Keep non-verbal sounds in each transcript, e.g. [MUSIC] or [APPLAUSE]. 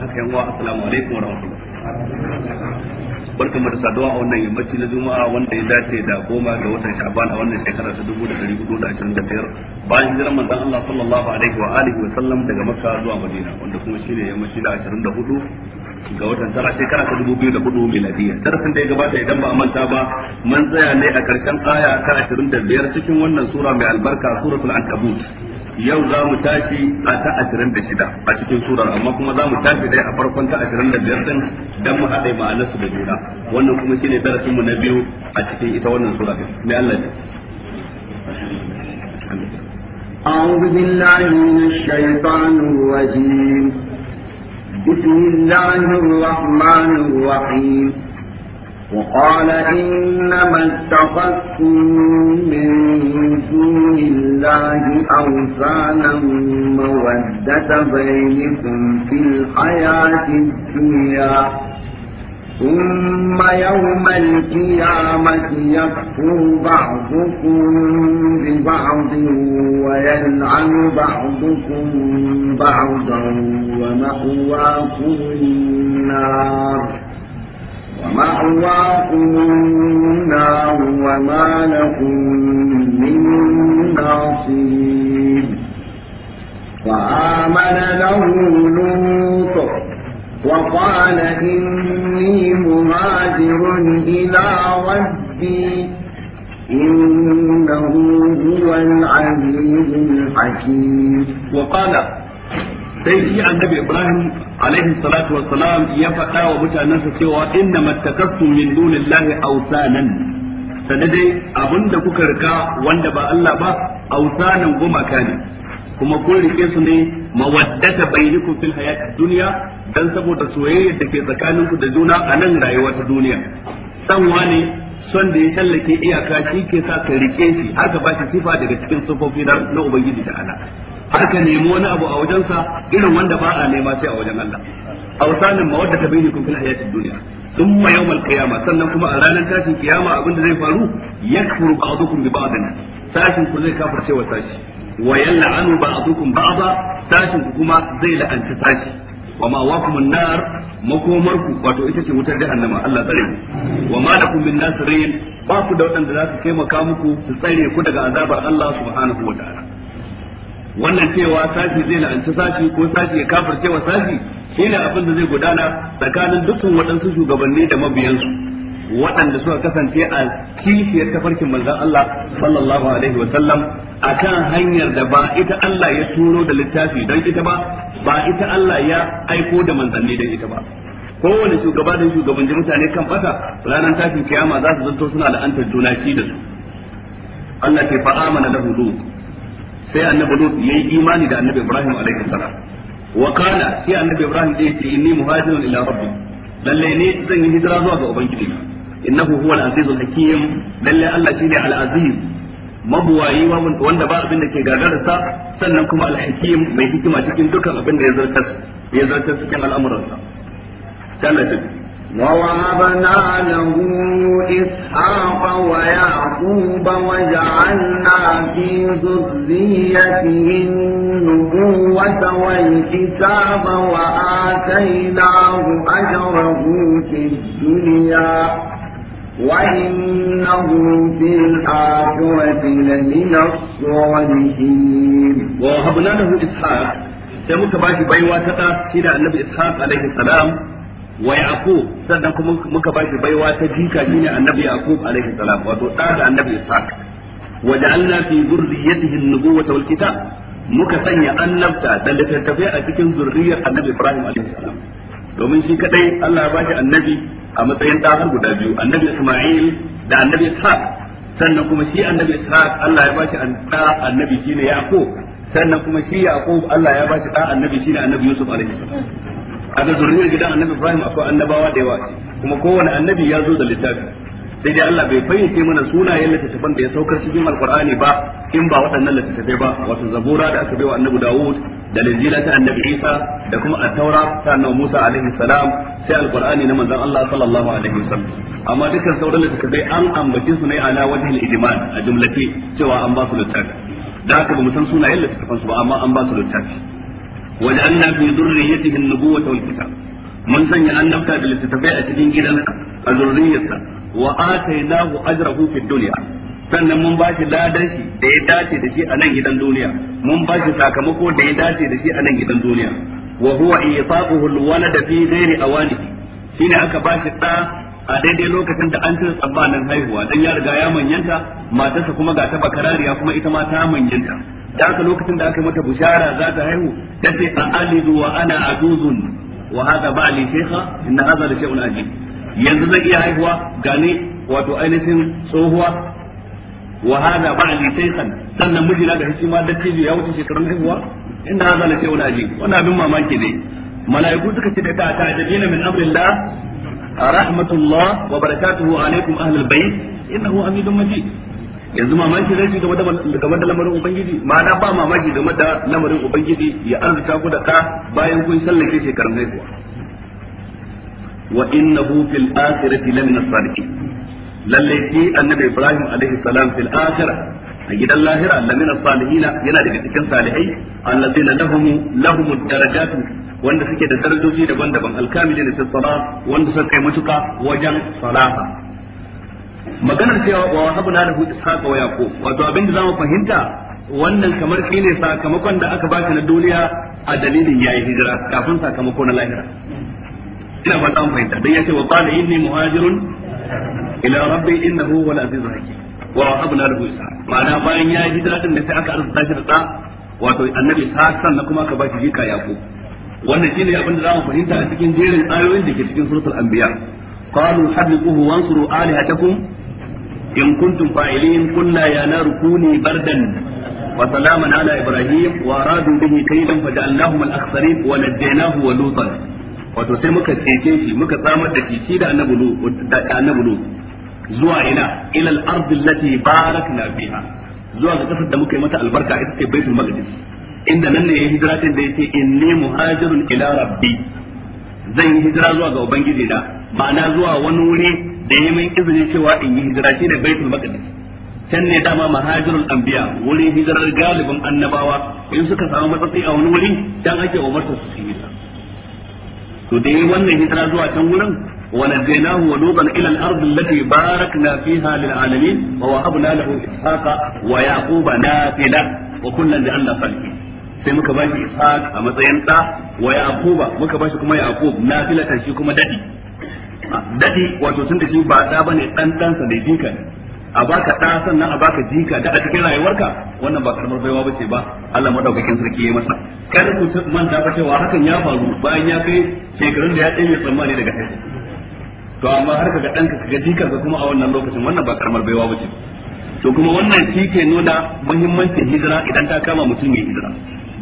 haka yan wa assalamu alaikum wa rahmatullahi barkamu da saduwa a wannan yammaci na juma'a wanda ya dace da goma ga watan sha'ban a wannan shekara ta dubu da dari hudu da ashirin da biyar bayan hijirar manzon Allah sallallahu alaihi wa alihi wa sallam daga makka zuwa madina wanda kuma shine yammaci da ashirin da hudu ga watan tara shekara ta dubu biyu da hudu miladiyya darasin da ya gabata idan ba a manta ba mun tsaya ne a karshen aya ta ashirin da biyar cikin wannan sura mai albarka suratul ankabut yau za mu tashi a ta ashirin da shida a cikin surar amma kuma za mu tashi dai a farkon ta ashirin da biyar din dan mu haɗa ma'anar su da juna wannan kuma shine darasin mu na biyu a cikin ita wannan sura din mai Allah ne أعوذ بالله من الشيطان الرجيم بسم الله الرحمن الرحيم وقال إنما اتخذتم من دون الله أوثانا مودة بينكم في الحياة الدنيا ثم يوم القيامة يكفر بعضكم ببعض ويلعن بعضكم بعضا ومأواكم النار مأواكم النار وما لكم من ناصرين فآمن له لوط وقال إني مهاجر إلى ربي إنه هو العزيز الحكيم وقال sai shi annabi ibrahim alaihi salatu salam ya faɗa wa mutanensa cewa inna matakassu min dunillahi awsanan dai abinda kuka rika wanda ba Allah ba awsanan gumaka ne kuma kun rike su ne mawaddata bainikum fil hayati dunya dan saboda soyayya da ke tsakanin ku da juna a nan rayuwa ta duniya san wane son da ya tallake iyaka shi ke sa ka rike shi haka ba shi sifa daga cikin sufofi na ubangiji ta'ala har ka nemi wani abu a wajensa irin wanda ba a nema sai a wajen Allah awsanin ma ta bayyana kun fil hayatid dunya thumma yawmal qiyamah sannan kuma a ranar tashin kiyama abin da zai faru yakfuru ba'dukum bi ba'din sashin ku zai kafirce wa sashi wa yal'anu ba'dukum ba'da sashin ku kuma zai la'anta sashi wa ma wakum nar makomarku wato ita ce wutar jahannama Allah tsare ku wa ma lakum min nasirin ba ku da waɗanda za su taimaka muku su tsare ku daga azabar Allah subhanahu wa ta'ala wannan cewa sashi zai la'anci sashi ko sashi ya kafirce wa sashi ne abin da zai gudana tsakanin dukkan waɗansu shugabanni da mabiyansu waɗanda suka kasance a kishiyar tafarkin manzan Allah sallallahu alaihi wa sallam akan hanyar da ba ita Allah ya turo da littafi don ita ba ba ita Allah ya aiko da manzanni don ita ba kowane shugaba da shugabanci mutane kan fata ranar tashin kiyama za su zanto suna la'antar juna shi da su Allah ke fa'amana lahu lut sai annabi lut yayi imani da annabi ibrahim alaihi salam wa kana sai annabi ibrahim dai ce inni muhajirun ila rabbi lalle ne zan yi hijira zuwa ga ubangiji na innahu huwa al-azizul hakim lalle Allah shine al-aziz mabuwayi wanda ba abin da ke gagararsa sannan kuma al-hakim mai hikima cikin dukkan abin da ya zartar ya zartar cikin al'amuransa Allah ووهبنا له إسحاق ويعقوب وجعلنا في ذريته النبوة والكتاب وآتيناه أجره في الدنيا وإنه في الآخرة لمن الصالحين ووهبنا له إسحاق sai muka ba shi baiwa ta ɗa shi da wa yaqub sannan kuma muka bashi baiwa ta jika shine annabi yaqub alaihi salam wato da da annabi ishaq wa ja'alna fi dhurriyyatihi an-nubuwwata wal kitab muka sanya annabta da littattafai a cikin zurriyar annabi ibrahim alaihi salam domin shi kadai Allah ya bashi annabi a matsayin da guda biyu annabi isma'il da annabi ishaq sannan kuma shi annabi ishaq Allah ya bashi an da annabi shine yaqub sannan kuma shi yaqub Allah ya bashi da annabi shine annabi yusuf alaihi salam kaga zurriyar gidan annabi Ibrahim akwai annabawa da yawa kuma kowane annabi ya zo da littafi sai dai Allah bai fayyace mana sunayen littattafan da ya saukar cikin alkur'ani ba in ba waɗannan littattafai ba wato zabura da aka baiwa annabi Dawud da linjila ta annabi Isa da kuma at-taura ta annabi Musa alaihi salam sai alkur'ani na manzon Allah sallallahu alaihi wasallam amma dukkan sauran littattafai an ambace su ne ala wajhil a jumlace cewa an ba su littafi da aka ba mu san sunayen littattafan su ba amma an ba su littafi وجعلنا في ذريته النبوة والكتاب من سنة أن نبتع بالاستتباع تدين جدا ذريته وآتيناه أجره في الدنيا sannan mun ba shi ladan da ya dace da shi a nan gidan duniya mun ba shi sakamako da ya dace da shi a nan gidan duniya wa huwa ifaquhu alwalad fi ghairi awanihi shine aka ba shi da a daidai lokacin da an cire tsammanin haihuwa dan ya riga ya manyanta matarsa kuma ga ta bakarariya kuma ita ma ta manyanta da aka lokacin da aka mata bushara za ta haihu ta ce a alidu wa ana ajuzun wa hada ba'li shaykha inna hadha la shay'un ajib yanzu zai iya haihuwa gane wato ainihin tsohuwa wa hada ba'li shaykhan sannan mijina da shi ma dattijo ya wuce shekarun haihuwa inna hadha la shay'un ajib wannan abin mamaki ne mala'iku suka ce ta ta'jabina min amrillah rahmatullah wa barakatuhu alaikum ahlul bayt innahu amidun majid yanzu mamaki zai game da game da lamarin ubangiji ma'ana ba mamaki game da lamarin ubangiji ya arzuta ku da ka bayan kun sallake shekarun haihuwa wa innahu fil akhirati lamin as-sadiqin lalle shi annabi ibrahim alaihi salam fil akhirah a gidan lahira lamin as-salihin yana daga cikin salihai allazina lahum lahum ad-darajat wanda suke da darajoji daban-daban al-kamilin fi salat wanda suka yi mutuka wajen salaha maganar cewa wa wahabna lahu ishaqa wa yaqub wato abin da zamu fahimta wannan kamar shine sakamakon da aka bashi na duniya a dalilin yayi hijira kafin sakamako na lahira ina ba ta fahimta dan yace wa qala inni muhajirun ila rabbi innahu wal aziz hakim wa wahabna lahu ishaq ma'ana bayan yayi hijira din da sai aka arzuta shi da da wato annabi ishaq na kuma aka bashi jika yaqub wannan shine abin da zamu fahimta a cikin jerin ayoyin da ke cikin suratul anbiya قالوا حرقوه وانصروا آلهتكم in kuntum fa'ilin kunna ya naru kuni bardan wa salaman ala ibrahim wa aradu bihi kaydan faja'alnahum al-akhsarin wa najjaynahu wa lutan wato sai muka cece shi muka samar da shi da annabi lu da annabi lu zuwa ina ila al-ardh allati barakna fiha zuwa ga kasar da muka yi mata albarka ita ce baitul maqdis inda nan ne ya hijira din da yake inni muhajirun ila rabbi zan yi hijira zuwa ga ubangiji da ma'ana zuwa wani wuri da yi min izini cewa in yi hijira shine baitul maqdis can ne dama mahajirul anbiya wurin hijirar galibin annabawa in suka samu matsayi a wani wuri dan ake umarta su hijira to da yi wannan hijira zuwa can wurin barakna fiha lil alamin wa wahabna lahu ishaqa wa yaquba اسحاق wa نافله da Allah salih sai muka bashi ishaq a matsayin da wa yaquba muka bashi kuma yaqub nafilatan shi kuma dadi dadi wato tunda shi ba da bane dan dan sa ne jika ne a baka da sannan a baka jika da a cikin rayuwarka wannan ba karamar baiwa bace ba Allah madaukakin sarki ya masa kar ku manta ba cewa hakan ya faru bayan ya kai shekarun da ya tsaye tsammani daga kai to amma har kaga danka kaga ka kuma a wannan lokacin wannan ba karamar baiwa bace to kuma wannan shi ke nuna muhimmancin hijira idan ta kama mutum ya hijira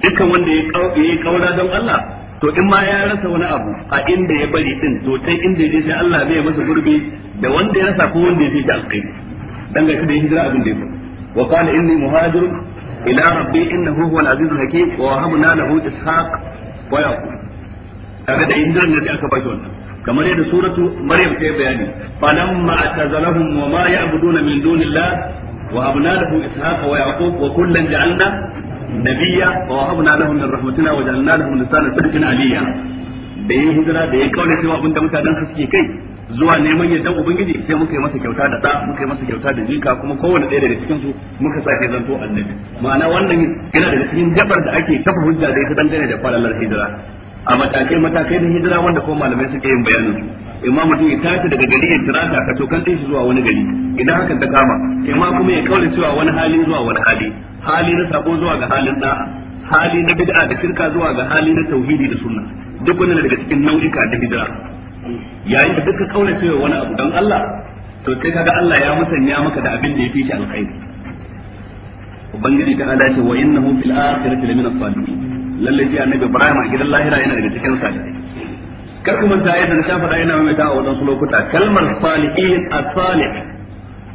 dukkan wanda ya kaura don Allah to in ma ya rasa wani abu a inda ya bari din to sai inda ya je sai Allah zai masa gurbi da wanda ya rasa ko wanda ya je da alƙai dan ga shi da hijira abin da ya wa qala inni muhajir ila rabbi innahu huwal azizul hakim wa wahabna lahu ishaq wa yaqub kaga da ne da aka bashi wannan kamar yadda suratu maryam ta bayani falamma atazalahum wa ma ya'buduna min dunillah wa habna lahu ishaq wa yaqub wa kullan ja'alna Nabiya wa wahabna lahum min rahmatina wa ja'alna lahu lisana sidqin aliyya da yin hijira da ya kauna cewa da mutanen su suke kai zuwa neman yadda ubangiji sai muka yi masa kyauta da da muka yi masa kyauta da jika kuma kowanne ɗaya daga cikin su muka sa kai zanto annabi ma'ana wannan yana daga cikin jabar da ake kafa hujja da ita dangane da falalar hijira a matakai matakai na hijira wanda ko malamai suke yin bayanin su imam mutum ya tashi daga gari ya ta ka tokan shi zuwa wani gari idan hakan ta kama kuma kuma ya kaure cewa wani hali zuwa wani hali hali na sabo zuwa ga halin da hali na bid'a da shirka zuwa ga hali na tauhidi da sunna duk wannan daga cikin nau'ika da hijira yayin da duka kaure cewa wani abu dan Allah to sai kaga Allah ya musanya maka da abin da ya shi alkhairi ubangiji ta ala ce wa innahu fil akhirati lamina salihin lalle ji annabi Ibrahim a gidan lahira yana daga cikin salihai kar ku manta yadda na faɗa yana mai ta a su lokuta kalmar salihin as-salih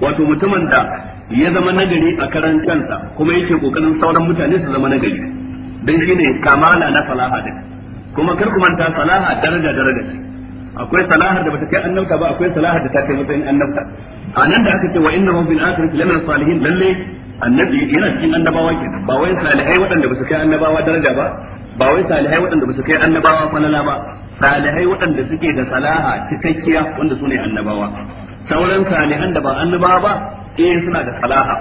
wato mutumin da ya zama nagari a karan kansa kuma yake kokarin sauran mutane su zama nagari dan shine kamala na salaha din kuma kar ku manta salaha daraja daraja ce akwai salahar da bata kai annabta ba akwai salahar da ta kai matsayin annabta a nan da aka ce wa inna rabbil akhirati lamina salihin lalle annabi yana cikin annabawa kenan ba wai salihai waɗanda ba su kai annabawa daraja ba ba wai salihai waɗanda ba su kai annabawa falala ba salihai waɗanda suke da salaha cikakkiya wanda su ne annabawa sauran salihan da ba annabawa ba eh suna da salaha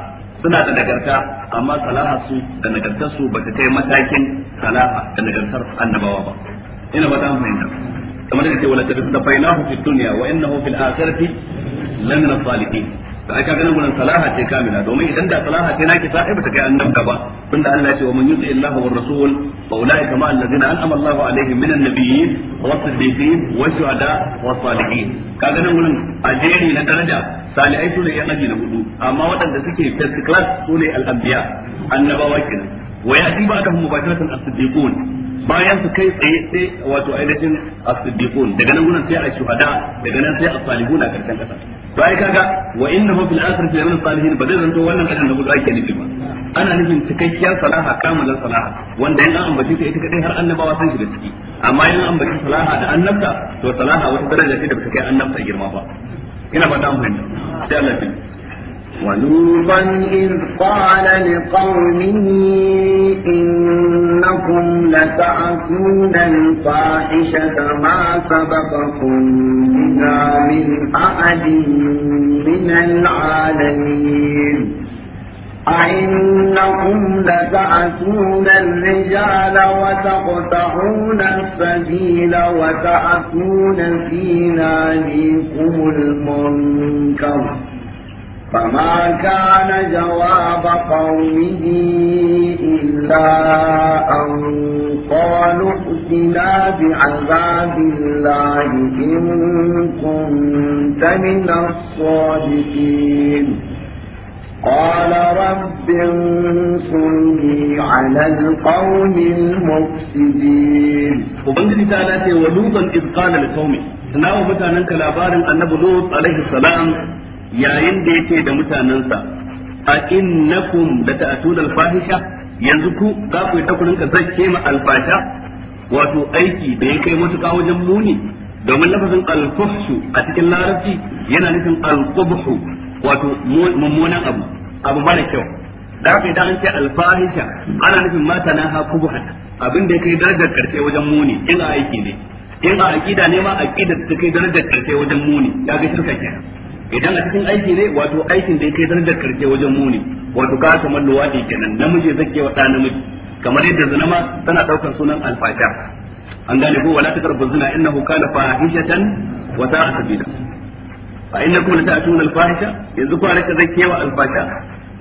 suna da nagarta amma salaha su da nagartar su ba ta kai matakin salaha da nagartar annabawa ba ina ba ta fahimta kamar da ce wala tadfainahu fid dunya wa innahu fil akhirati lamina salihin to ai ganin nan gurin salaha ce kamila domin idan da salaha ce naki sa ai bata kai annabta ba tunda Allah ya ce wa man yuti Allah wa rasul fa ulai kama alladhina an'ama Allah alaihim minan nabiyyin wa siddiqin wa shuhada wa salihin kaga nan gurin ajeri na daraja salihai su ne ya aji na hudu amma waɗanda suke first class su ne al-anbiya annabawa kenan wa ya'ti ba'dahum mubasharatan as-siddiqun bayan su kai tsaye sai wato ainihin as-siddiqun daga nan gurin sai a shuhada daga nan sai as-salihun a karshen kasa to ai kaga wa innahu fil akhirati lamin salihin ba wannan kadan da guda ke nufi ba ana nufin cikakkiyar salaha kamalan salaha wanda in an ta ita kadai har annabawa san shi da ciki amma in an salaha da annabta to salaha wata daraja ce da ba kai annabta girma ba ina ba ta amfani sai Allah ya ولوطا إذ قال لقومه إن إنكم لتأتون الفاحشة ما سبقكم بها من أحد من العالمين أئنكم لتأتون الرجال وتقطعون السبيل وتأتون في ناديكم المنكر فما كان جواب قومه إلا أن قالوا ائتنا بعذاب الله إن كنت من الصادقين قال رب انصرني على القوم المفسدين وبنجد تعالى ولوطا إذ قال لقومه تناوب متى ننك لابار النبي لوط عليه السلام yayin da yake da mutanansa a innakum da ta'tun al-fahisha yanzu ku za ku yi takurin ka zakke ma al-fasha wato aiki da ya kai mutuka wajen muni domin lafazin al-fuhshu a cikin larabci yana nufin al-qubhu wato mummunan abu abu mara kyau da kai da an ce al-fahisha ana nufin mata na ha kubha abin da ya kai darajar karshe wajen muni ina aiki ne in a aqida ne ma aqidar ta kai darajar karshe wajen muni ya ga shirka kenan idan a cikin aiki ne wato aikin da yake da karshe wajen muni wato ka mallowa ne kenan namiji zake wa da namiji kamar yadda zanama tana daukar sunan alfata an gane ko wala taqrabu zina innahu kana fahishatan wa sa'a sabila fa innakum la ta'tun alfahisha yanzu ko rika zake wa alfata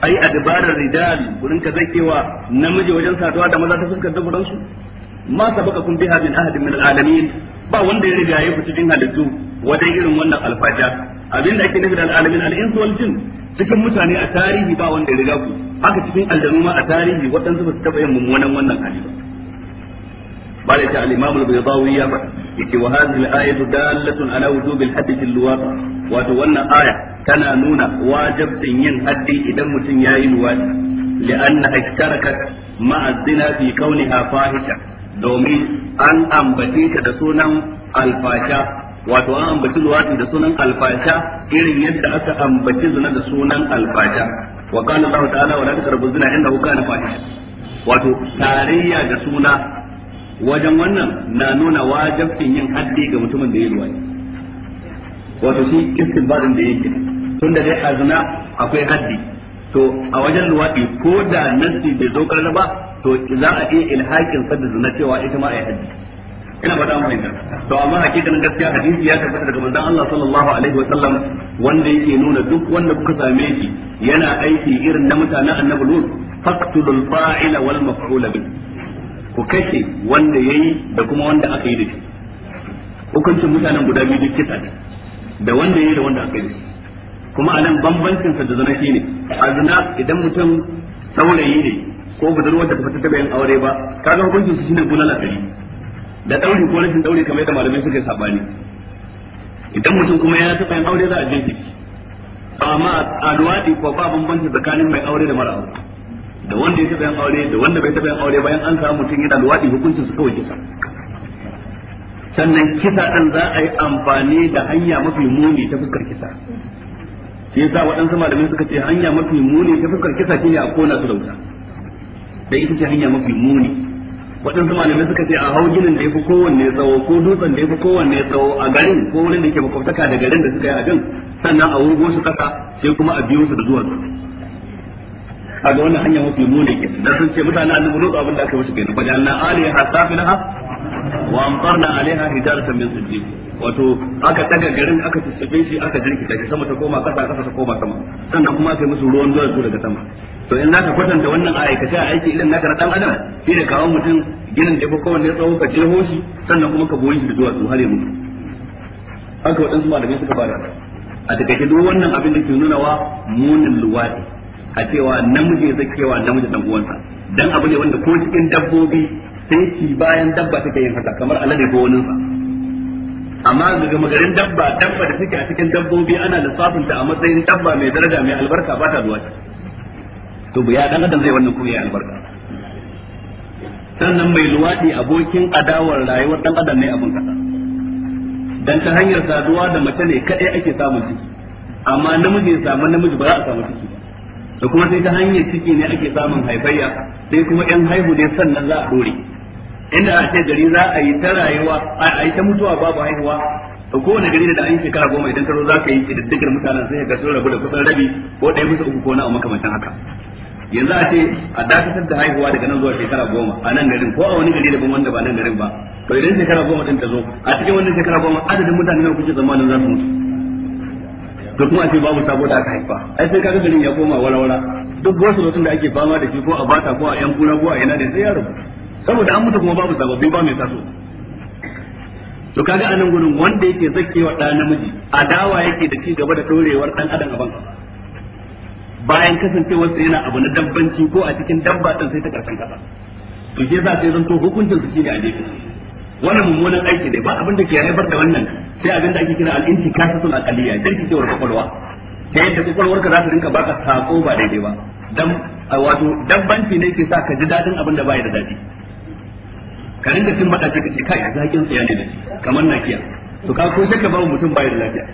ai adbarar rijal gurin ka zake wa namiji wajen satuwa da maza ta da gurin su ma sabaka kun biha min ahadin min alalamin ba wanda ya riga ya fita cikin halittu wajen irin wannan alfata abin da ake nufi da al'alamin al'insu wal jin cikin mutane a tarihi ba wanda ya riga ku haka cikin aljanu ma a tarihi waɗansu ba su taɓa yin mummunan wannan hali ba ba da al-imam al-baydawi ya faɗa yake wa hadhihi al dalatun ala wujubi al wato wannan aya tana nuna wajibin yin haddi idan mutum yayi luwat li'anna ishtarakat ma'a zina fi kauniha fahisha domin an ambace ta da sunan alfasha wato an ambaci luwati da sunan alfasha irin yadda aka ambaci zina da sunan alfasha wa qala Allah ta'ala wa la taqrabu zina innahu kana fahisha wato tarayya da suna wajen wannan na nuna wajibin yin haddi ga mutumin da ya luwati wato shi istinbarin da yake tun da dai azna akwai haddi to a wajen luwaɗi ko da nasi bai zo karna ba to za a iya ilhakin sadda zina cewa ita ma a yi haddi ina faɗa mu inda to amma hakikanin gaskiya hadisi ya tabbata daga manzon Allah sallallahu alaihi wa sallam wanda yake nuna duk wanda kuka same shi yana aiki irin na mutanen annabi Lut faqtulul fa'ila wal maf'ula bi ku kashe wanda yayi da kuma wanda aka yi da shi hukuncin mutanen guda biyu duk kisa da wanda yayi da wanda aka yi kuma anan bambancin sa da zina shine azna idan mutum saurayi ne ko budurwar da ta fita ta bayan aure ba kaga hukuncin su shine bulala kari da dauri ko rashin dauri kamar yadda malamai suka yi sabani idan mutum kuma ya taɓa yin aure za a jin shi amma a luwaɗi ko ba bambanci tsakanin mai aure da mara aure da wanda ya taɓa yin aure da wanda bai taɓa yin aure bayan an samu mutum yana luwaɗi hukuncin su kawai kisa sannan kisa ɗin za a yi amfani da hanya mafi muni ta fuskar kisa shi yasa waɗansu malamai suka ce hanya mafi muni ta fuskar kisa shine a kona su da wuta da ita ce hanya mafi muni waɗansu malamai suka ce a hau ginin da ya fi kowanne tsawo ko dutsen da ya fi kowanne tsawo a garin ko wurin da ke makwabtaka da garin da suka yi abin sannan a wurgo su kasa sai kuma a biyo su da zuwa a ga wannan hanya mafi muni ke da sun ce mutane annabi lutsu abin da aka musu kenan fa ja'alna na ha? wa عليها هدارة من min sijil wato aka daga garin aka tsitsafe shi aka jirkita shi sama ta koma kasa kasa ta koma sama sannan kuma aka musu ruwan duwatsu daga sama to in zaka kwatanta wannan a aikace a aiki idan naka na dan adam shi da kawo mutum ginin da ya kowanne tsawo ka jeho shi sannan kuma ka boye shi da zuwa har ya mutu haka waɗansu malamai suka fara a takaice duk wannan abin da ke nuna wa munin luwadi a cewa namiji zai kewa namiji dan uwansa dan abu ne wanda ko cikin dabbobi sai ki bayan dabba take yin haka kamar alade ko wani sa amma daga magarin dabba dabba da take a cikin dabbobi ana lissafin ta a matsayin dabba mai daraja mai albarka ba ta zuwa to ya dan adam zai wannan kuma ya albarka sannan mai luwadi abokin adawar rayuwar dan adam ne abun kasa dan ta hanyar saduwa da mace ne kadai ake samun ciki amma namiji ya samu namiji ba za a samu ciki da kuma sai ta hanyar ciki ne ake samun haifayya sai kuma yan haihu ne sannan za a dore inda a ce gari za a yi ta rayuwa a yi ta mutuwa babu haihuwa to kowane gari da an yi shekara goma idan ka zo za ka yi ƙididdigar mutanen sai ka sun rabu da kusan rabi ko ɗaya bisa uku ko na a makamancin haka yanzu a ce a dakatar da haihuwa daga nan zuwa shekara goma a nan garin ko a wani gari daban wanda ba nan garin ba to idan shekara goma ɗin ta zo a cikin wannan shekara goma adadin mutane nawa kuke zamanin za su mutu to kuma a ce babu sabo da aka haifa ai sai kaga garin ya koma wala wala duk wasu lokacin da ake fama da shi ko a bata ko a yan kura ko a yana da sai ya rabu saboda an mutu kuma babu sababbi ba mai taso to kaga anan gurin wanda yake zakkewa da namiji adawa yake da ci gaba da dorewar dan adam a bayan kasancewar yana abu na dabbanci ko a cikin dabba din sai ta karkan kasa to shi yasa sai zanto hukuncin su shine a jefi wannan mummunan aiki ne ba abin da ke haifar da wannan sai abin da ake kira al-intikasatul aqaliyya jirkicewar kwakwalwa ta yadda ka za ta rinka baka sako ba daidai ba dan wato dabbanci ne ke sa ka ji dadin abin da baya da dadi karin da sun bada ka ce kai zakin tsaya ne da kamar nakiya to ka ko shakka babu mutum bai da lafiya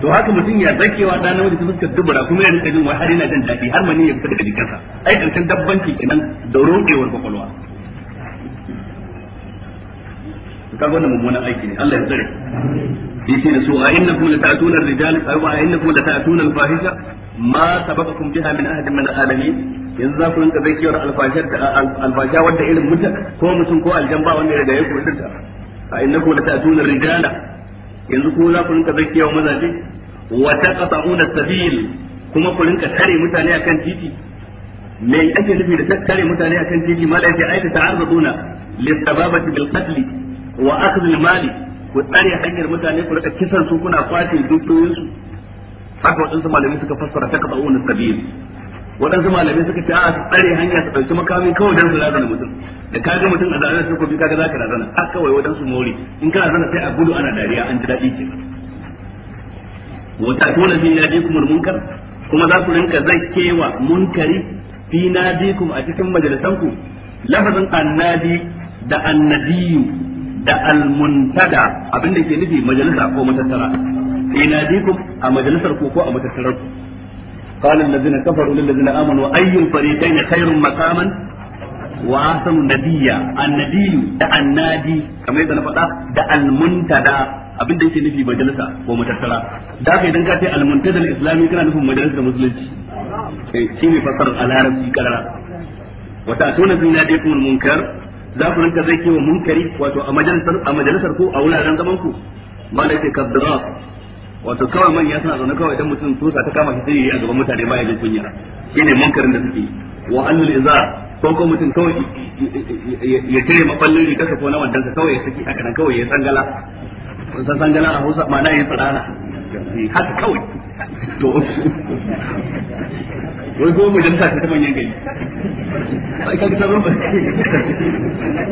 to haka mutum ya zakewa da namiji ta suka dubura kuma yana rinka jin wai har yana jin daɗi har mani ya fita daga jikinsa ai san dabbanci kenan da rokewar kwakwalwa ka wannan mummunan aiki ne Allah ya tsare yace da su a kuma lata'tuna ar-rijal a kuma lata'tuna al-fahisha ma sabaqakum biha min ahadin min al-alamin yanzu za ku rinka zakiyar al-fahishar al wanda irin mutum ko mutum ko aljamba wanda ya gaya ku dinta a kuma lata'tuna ar-rijala yanzu ku za ku rinka zakiyar mazaje wa taqta'una as-sabil kuma ku rinka tare mutane akan titi me ake nufi da tare mutane akan titi ma da yake aikata arzuna lis-sababati bil-qatl wa akhdh al-mali ku tsare hanyar mutane ku rika kisan su kuna kwace dukiyoyin su haka waɗansu malamai suka fassara ta kafa wani sabiyin waɗansu malamai suka ce a su tsare hanya su ɗauki makami kawai don su razana mutum da ka ga mutum a zanen sai ko bi kaga ka razana a kawai waɗansu mori in kana zana sai a gudu ana dariya an ji daɗi ke wa ta'tuna fi kuma al-munkar kuma za ku rinka kewa munkari fi na kuma a cikin majalisanku lafazin annadi da annabiyu da almuntada abin da ke nufi majalisa ko matattara inadikum a majalisar ko ko a matattarar ku قال الذين كفروا للذين امنوا اي الفريقين خير مقاما واحسن نديا الندي da annadi kamar yadda na faɗa da almuntada abin da yake nufi majalisa ko matattara da kai idan ka ce almuntada al-islami kana nufin majalisa da musulunci eh, shine fasarar al-arabi karara wa ta'tuna bi nadikum al-munkar za ku rinka zai kewa munkari wato a majalisar a majalisar ko a wuraren zaman ku ba da yake kaddara wato kawai manya suna zaune kawai idan mutum tusa ta kama shi sai a gaban mutane baya jin kunya shine munkarin da suke wa annul iza ko ko mutum kawai ya tare maballin riga ka ko na wandansa kawai ya saki haka nan kawai ya sangala san sangala a Hausa ma'ana ya tsarana haka kawai to wai ko mu janta ta manyan gari ai kaga ta zama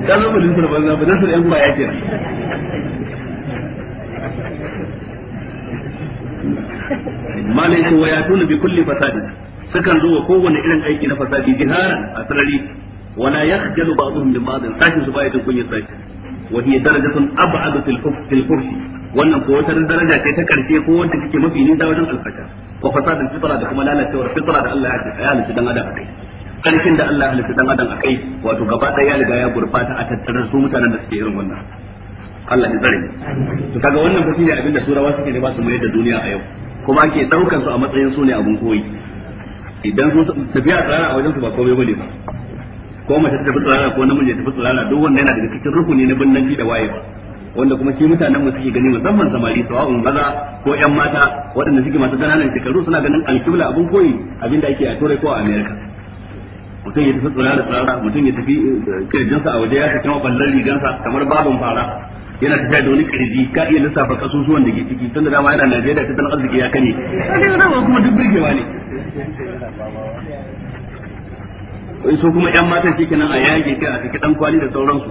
ta zama banza ba yan malai ko ya tuna bi kulli fasadin sukan zo wa kowane irin aiki na fasadi jiharan a sarari wala yakhjalu ba'dhum min ba'd sashin su baya jin kunyar sashi wa hiya darajatun ab'ad fil fil fursi wannan ko wata daraja ce ta karshe ko wanda kike mafi nisa wajen alfata ko fasadin fitra da kuma lalacewar fitra da Allah ya halitta dan adam akai karfin da Allah halitta dan adam akai wato gaba ɗaya ya riga ya gurfata a tattarar su mutanen da suke irin wannan Allah ya tsare to kaga wannan fa shine abin da surawa suke da ba su mai da duniya a yau kuma ake daukar su a matsayin su ne abun koyi idan su tafiya tsara a wajen su ba komai bane ba ko mace ta tafi tsirara ko namiji ya tafi tsirara duk wanda yana daga cikin rukuni na binnanci da wayewa wanda kuma shi mutanen mu suke gani musamman samari sawa'un maza ko yan mata waɗanda suke masu ganin shekaru suna ganin alkibla abun koyi abinda ake a turai ko a america mutum ya tafi tsula da tsara mutum ya tafi eh, kirjinsa a waje ya tafi maballar rigansa kamar babin fara yana tafiya da wani kirji ka iya lissafa kasusuwan da ke ciki tun da dama yana Najeriya tattalin arziki ya kane sai dama kuma duk birgewa ne so kuma yan matan shi kenan a yage kai a cikin dan kwali da sauransu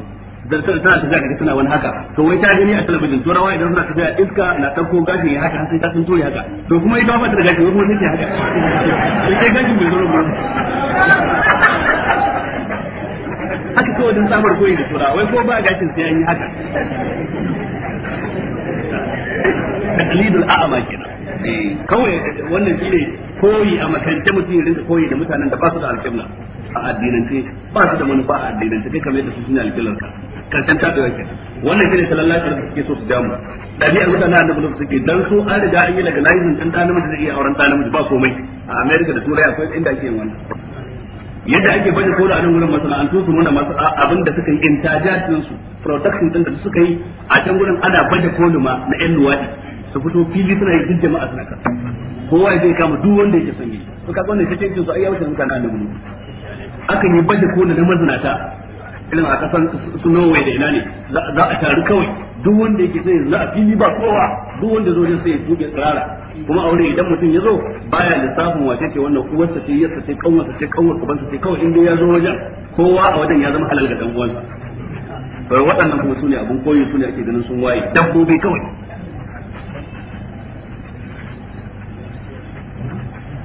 zartar tana tafiya kaga tana wani haka to wai ta gani a talabijin to rawa idan suna tafiya iska na ta ko gashin ya haka har sai ta sun tore haka to kuma ita ba ta da gashi kuma take haka to sai gashin bai zo ba haka kawai don samar koyi da tura wai ko ba gashin sai an yi haka taklidul a'ama kenan eh. kawai wannan shine koyi a makance mutum ya rinka koyi da mutanen da ba su da alƙibla a addinance ba su da manufa a addinance kai kamar yadda su suna alƙalar ka karshen da kenan wannan shine sallallahu alaihi wasallam suke so su damu dabi'ar mutane annabi da suke dan su an riga an yi daga layin dan da namiji zai iya auren da namiji ba komai a America da Turai akwai inda ake yin wannan yadda ake bada kola a nan wurin masana'antu su nuna masu abin da suka yi intajat din su production din da suka yi a can gurin ana bada koluma na yan luwaɗi su fito fili suna yi duk jama'a suna ka kowa zai kama duk wanda yake son yi to kaga wannan kake jin su ai ya wuce mutanen annabi aka yi baje kona na mazinata irin a kasan su Norway da ina ne za a taru kawai duk wanda yake sai za a fili ba kowa duk wanda zo sai ya tuke tsirara kuma aure idan mutum ya zo baya lissafin wace ce wannan uwarsa ce yarsa ce kanwarsa ce kanwar ubansa ce kawai inda ya zo wajen kowa a wajen ya zama halal ga dan uwansa bar waɗannan kuma sune abun koyi ne ake ganin sun waye dabbobi kawai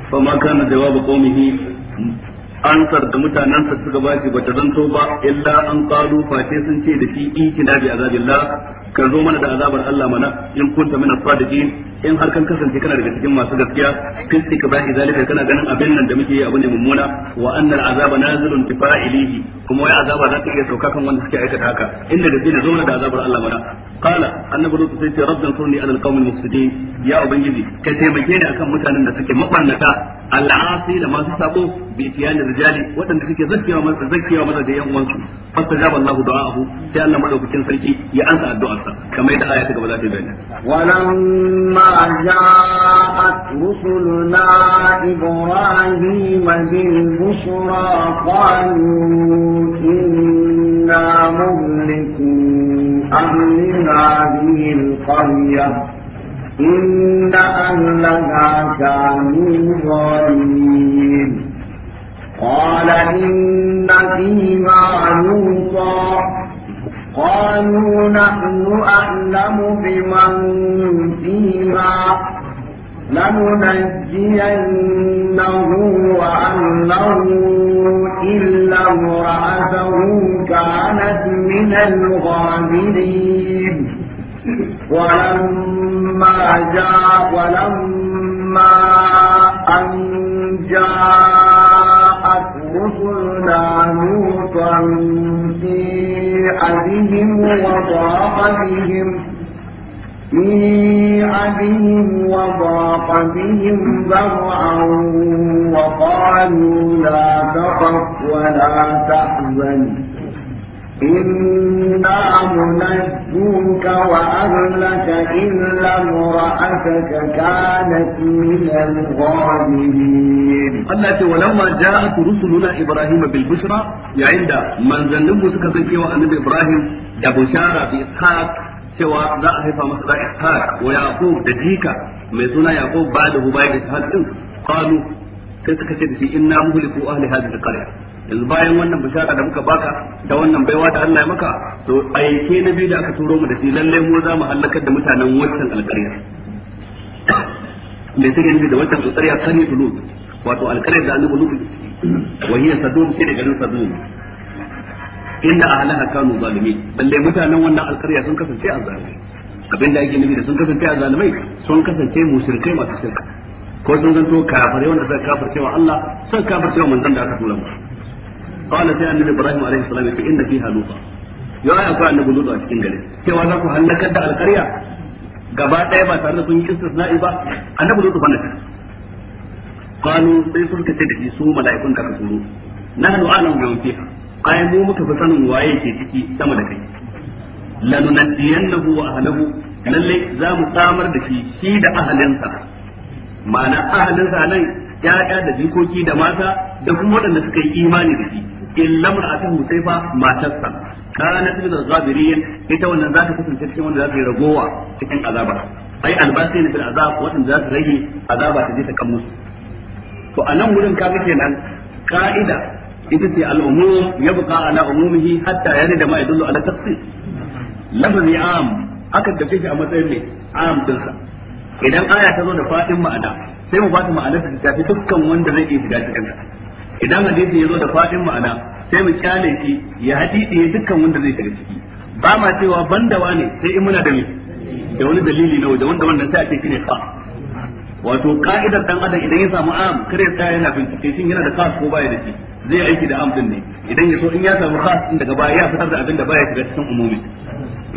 فما كان جواب قومه ansar da mutanensa suka ba shi bata zanto ba illa an qalu face sun ce da shi ikina bi azabillah ka zo mana da azabar Allah mana in kunta min as-sadiqin in har kan kasance kana daga cikin masu gaskiya kin ka ba zalika kana ganin abin nan da muke yi abu ne mummuna wa annal azaba nazilun bi fa'ilihi kuma wai azaba za ta iya sauka kan wanda suke aikata haka inda da zai zo mana da azabar Allah mana qala annabi lutu sai ce rabbi ansurni ala alqawmil mufsidin ya ubangiji ka taimake ni akan mutanen da suke mabarnata al'asi da masu sabo bi tiyani waɗanda suke zakkewa masa zakkewa masa da yan uwansu Allah madaukakin sarki ya ansa addu'arsa kamar yadda aya ta gaba za ta bayyana أهل هذه القرية إن أهلها كانوا ظالمين قال إن فيما لوطا قالوا نحن أعلم بمن فيما لننجينه وأهله إلا امرأته كانت من الغابرين ولما جاء ولما أن جاءت رسلنا لوطا في أبيهم وضاق بهم في أبيهم وضاق بهم ذرعا وقالوا لا تخف ولا تحزن إنا منجوك وأهلك إلا امرأتك كانت من الغالبين الله ولما جاءت رسلنا إبراهيم بالبشرى يعند من ذنب سكت سوى إبراهيم بشارة بإسحاق cewa za a haifa masa da ishaq wa yaqub da jika mai suna yaqub ba da hubai da ishaq din qalu ka suka ce da shi inna muhliku ahli hadhihi alqarya yanzu bayan wannan bishara da muka baka da wannan baiwa da Allah ya maka to aike na biyu da aka turo mu da shi lalle mu za mu halakar da mutanen wancan alƙarya me take nufi da wancan alƙarya kani tulut wato alƙarya da annabi lutu wa hiya sadum sai da garin sadum inna ahlaha kanu zalimi balle mutanen wannan alƙarya sun kasance a Abin da ake nufi da sun kasance a azzalimai sun kasance mushrikai masu shirka ko sun zanto kafirai wanda suka kafircewa Allah sun kafircewa manzon da aka tura musu qala sai annabi ibrahim alaihi salam yace inna fiha lufa ya ya ko annabi lutu a cikin gari cewa ku halakar da alƙarya gaba ɗaya ba tare da sun yi istisna'i ba annabi lutu fa naka qalu sai sun kace da su mala'ikun ka tsoro nahnu a'lamu bi fiha ai mu muka sanin waye ke ciki sama da kai lanunaddiyannahu wa ahlahu lalle za mu samar da shi shi da ahalinsa ma'ana ahalinsa nan ya'ya da jikoki da mata da kuma waɗanda suka yi imani da shi illa mar'atuhu sai fa matarsa kana min az-zabirin ita wannan za ta kasance cikin wanda za ta yi ragowa cikin azaba ai albasi ne bil azab wanda za ta rage azaba ta je ta kan musu to anan wurin kaga kenan ka'ida ita ce al-umum yabqa ala umumihi hatta da ma yadullu ala tafsir lafazi am aka tafi shi a matsayin ne am dinsa idan aya ta zo da fadin ma'ana sai mu ba ta ma'anar ta tafi dukkan wanda zai iya shiga cikin ta idan hadisi ya zo da fadin ma'ana sai mu kyale shi ya hadisi ya dukkan wanda zai shiga ciki ba ma cewa bandawa ne sai in muna da me da wani dalili na waje wanda wannan sai a ce ne fa wato ka'idar dan adam idan ya samu am ya tsaya yana bincike shin yana da khas ko baya da shi zai aiki da am din ne idan ya so in ya samu khas din daga baya ya fitar da abin da baya shiga cikin umumi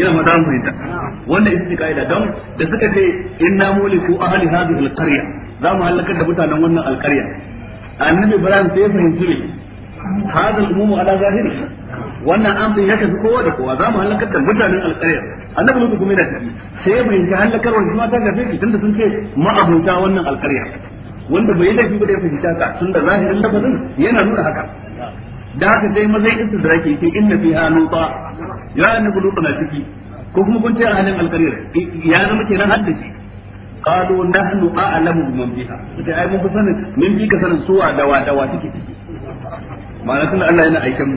ina ma dan fahimta wannan ita ce ka'ida don da suka ce inna muliku ahli hadhihi alqarya za mu halakar da mutanen wannan alqarya annabi ibrahim sai ya fahimci ne hada umumu ala zahiri wannan amsin ya tafi kowa da kowa za mu halakar da mutanen alƙaryar annabi lutu kuma yana tafi sai ya fahimci halakarwar shi ma ta gafe shi tunda sun ce ma'abuta wannan alƙarya wanda bai laifi ba da ya fahimta ka tunda zahirin lafazin yana nuna haka da haka sai mazai istidraki yake inna fiha luta ya annabi lutu na ciki ko kuma kun ce a halin alƙaryar ya zama kenan haddace قالوا نحن a'lamu biman بها اذا اي من من بك سوى ما نسن الله ايكم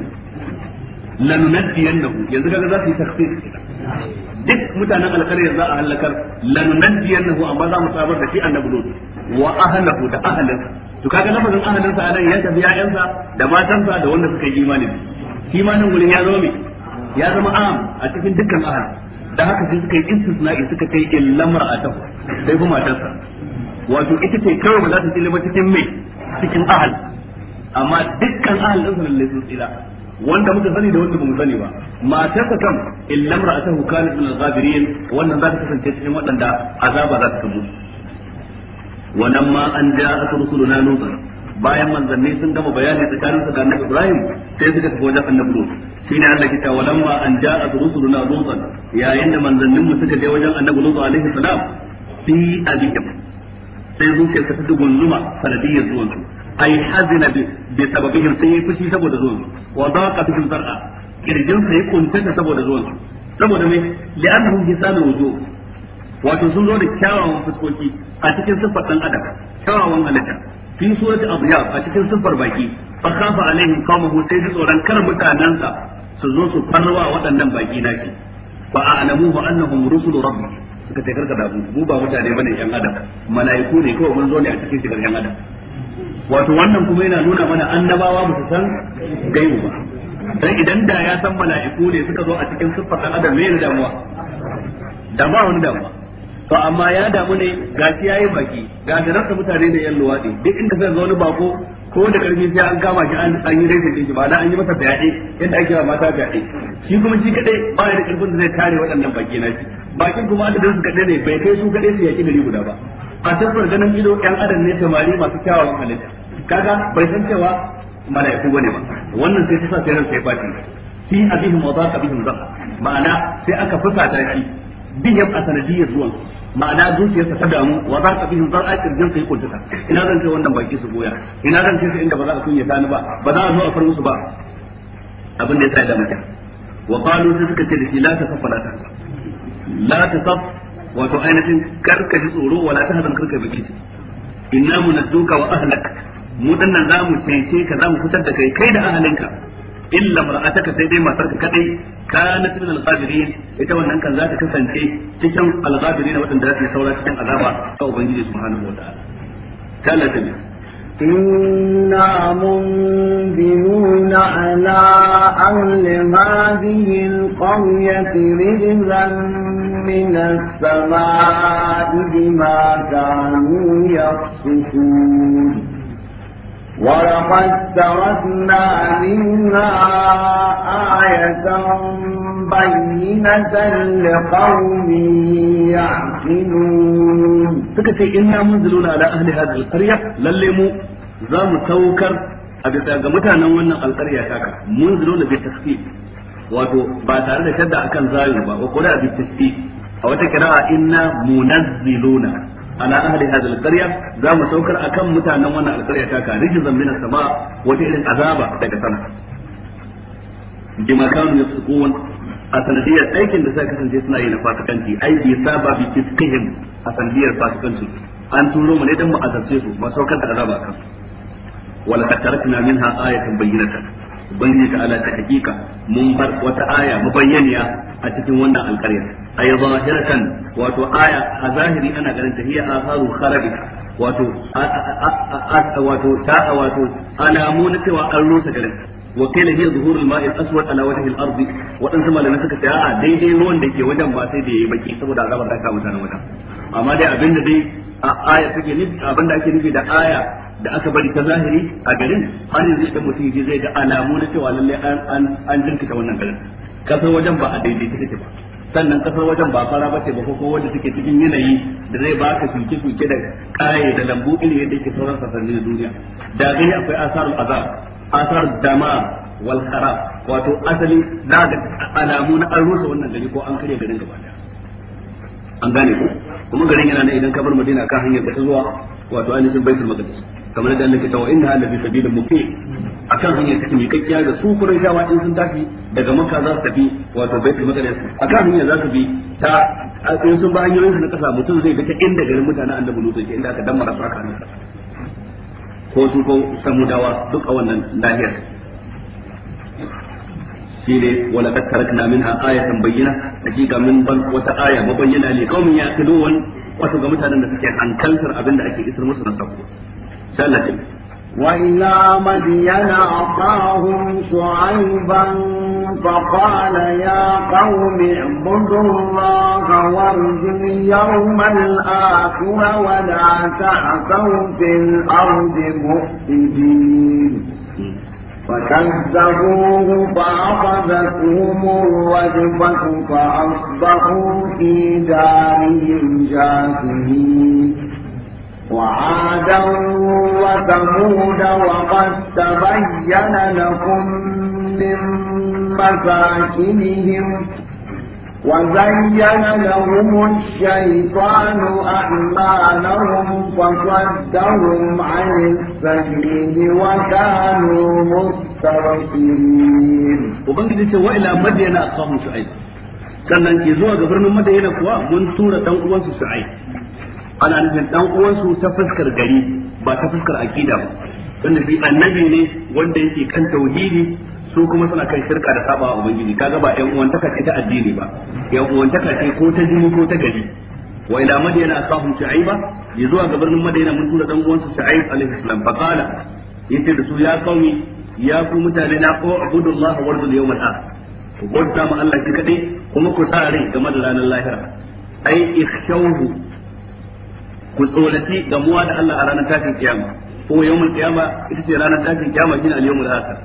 yana aikan yi duk mutanen alƙaryar za a halakar lanunaddiyannahu amma za mu sabar da shi annabi lut wa ahlahu da ahlinsa to kaga lafazin ahlinsa ya tafi ya'yansa da matansa da wanda suka yi imani shi ma nan ya zama me a cikin dukkan da haka sai suka yi istisna'i suka kai illa mar'atahu sai kuma matarsa wato ita ce kawai ba za ta tilaba cikin mai cikin ahal amma dukkan ahal din sunan sun tsira wanda muka sani da wanda bamu sani ba matarsa kam illa mar'atahu kanat min al-ghabirin wannan za ta kasance cikin waɗanda azaba za ta kamu ولما أن جاءت رسلنا لوطا bayan manzanni sun gama bayani tsakanin su da annabi Ibrahim sai suka tafi wajen annabi Lut shine Allah ke cewa lamma an ja'a rusuluna lutan yayin da manzannin mu suka je wajen annabi Lut alaihi salam fi abihim sai zuciyar ta ta gunzuma sanadiyyar zuwan su ai hazina bi sababihim sai ya fushi saboda zuwan su wa daqa bihim zar'a kirjin sa ya kuntata saboda zuwan su saboda me li'annahum hisanu wujuh wato sun zo da kyawawan fuskoki a cikin siffar dan adam kyawawan halitta fi surati adiyab a cikin sifar baki fa khafa alaihim qawmuhu sai ji tsoron kar mutanansa su zo su farwa waɗannan baki naki fa a'lamu wa annahum rusulu rabbi suka ce karka dabu mu ba mutane bane yan adam malaiku ne kawai mun zo ne a cikin shigar yan adam wato wannan kuma yana nuna mana annabawa ba su san gaibu ba dan idan da ya san mala'iku ne suka zo a cikin siffar dan adam me ne damuwa da ba wani damuwa to amma ya damu ne ga shi yayi baki ga da mutane da yan luwadi duk inda zai zo wani bako ko da karfi sai an kama shi an yi yi da shi ba dan an yi masa fyaɗe yadda ake ba mata fyaɗe shi kuma shi kaɗai ba da karfin da zai tare waɗannan baki na shi bakin kuma da su kaɗai ne bai kai su kadai su yaki dari guda ba a tafsir ganin ido yan adam ne mali masu kyawawan halitta kaga bai san cewa mala'iku bane ba wannan sai ta sa sai ran sai baki fi abihim wa dhaqa bihim dhaqa ma'ana sai aka fusata shi bihim a sanadiyyar zuwan ma'ana zuciyarsa ta damu wa za ka fihim zar akir sai kuntuka ina zan kai wannan baki su goya ina zan kai su inda ba za a kunya ni ba ba za a zo a far musu ba abin da ya sa da mata wa qalu sai suka ce da shi la ta safala ta la ta saf wato ainihin karka ji tsoro wala ta hazan karka baki inna munadduka wa ahlak mu dinnan mu cece ka za mu fitar da kai kai da ahalinka illa mar'ataka sai dai matarka kadai kanat min al-ghabirin ita wannan kan za ta kasance cikin al-ghabirin wadanda za su saura cikin azaba ta ubangiji subhanahu wa ta'ala kala ta ne inna mundiruna ala ahli hadhihi al-qaryati rijzan من السماء بما كانوا يقصفون ولقد تركنا منها آية بينة لقوم يعقلون سكتي إنا منزلون على أهل هذه القرية للمو زام توكر أبدا قمتا نونا القرية كاكا منزلون بالتخفيف wato ba tare da shadda akan zayu ba wa kula bi tasfi a wata kira'a inna munazziluna ala ahli hadhihi alqarya za mu saukar akan mutanen wannan alqarya ta ka rijzan min as-sama wata irin azaba daga sama bima kanu yasqun a sanadiyar aikin da suka kasance suna yi na fasikanci ai bi sababi fiskihim a sanadiyar fasikanci an turo mu ne dan mu azabce su ba saukar da azaba kan wala kad tarakna minha ayatan bayyinatan ubangiji ta ala ta hakika mun bar wata aya mabayyaniya a cikin wannan alƙaryar ay zahiratan wato aya a zahiri ana ganin ta hiya asaru kharabiha wato wato ta wato alamu na cewa an garin wa kila hiya zuhurul ma'i al-aswad ala wajhi al-ard wadan sama a daidai da ke wajen ba sai da yayi baki saboda azabar da ka mutanen wajen amma dai dai a aya ake da aya da aka bari ta zahiri a garin har yanzu idan mutum ji zai ga alamu na cewa lallai an an jinkita wannan garin kasar wajen ba a daidai take ba sannan kasar wajen ba fara ba ce ba ko wanda suke cikin yanayi da zai ba ka shuke shuke da kaye da lambu ilmi yadda yake sauran sassanin duniya da gani akwai asarul azab asar dama wal kharab wato asali da ga alamu na an rusa wannan gari ko an karya garin gaba daya an gane ko kuma garin yana nan idan ka bar madina ka hanyar ta zuwa wato ainihin baitul maqdis kamar da annabi tawo inda allazi sabilun muke akan hanyar take mai kakkiya da su kuran jawa din sun tafi daga makka za su tafi wato baitul maqdis akan hanyar za su bi ta in sun ba hanyoyin su na kasa mutum zai bi ta inda garin mutanen annabi lutu ke inda aka dan su k'a ne ko su ko dawa duk a wannan nahiyar shi ne wala kad minha ayatan bayyina hakika min ban wata aya mabayyana ne qaumin wani wato ga mutanen da suke hankaltar abin da ake isar musu na sako سألت وإلى مدين أعطاهم شعيبا فقال يا قوم اعبدوا الله وارجوا اليوم الآخر ولا تعثوا في الأرض مفسدين فكذبوه فأخذتهم الرجفة فأصبحوا في دارهم جاثمين وعادا وثمود وقد تبين لكم من مساكنهم وزين لهم الشيطان أعمالهم فصدهم عن السبيل وكانوا مسترسلين وبنجد وإلى مدينة أخاهم شعيب sannan ke zuwa ga birnin madayana kuwa mun tura dan uwansu su'ai ana nufin dan uwansu ta fuskar gari ba ta fuskar akida ba wanda shi annabi ne wanda yake kan tauhidi su kuma suna kan shirka da saba ubangiji kaga ba yan uwantaka ce ta addini ba yan uwantaka ce ko ta jini ko ta gari wa ila madina asahum shu'aiba yazuwa ga birnin madina mun tura dan uwansu shu'aib alaihi salam fa qala yace da su ya qaumi ya ku mutane na ko abudullah wa rabbul yawmal akhir ku Allah shi kadai kuma ku sa rai game da ranar lahira ai ikhshawhu ku ga muwa da Allah a ranar tashin kiyama ko yawmul kiyama ita ce ranar tashin kiyama shine a yawmul akhir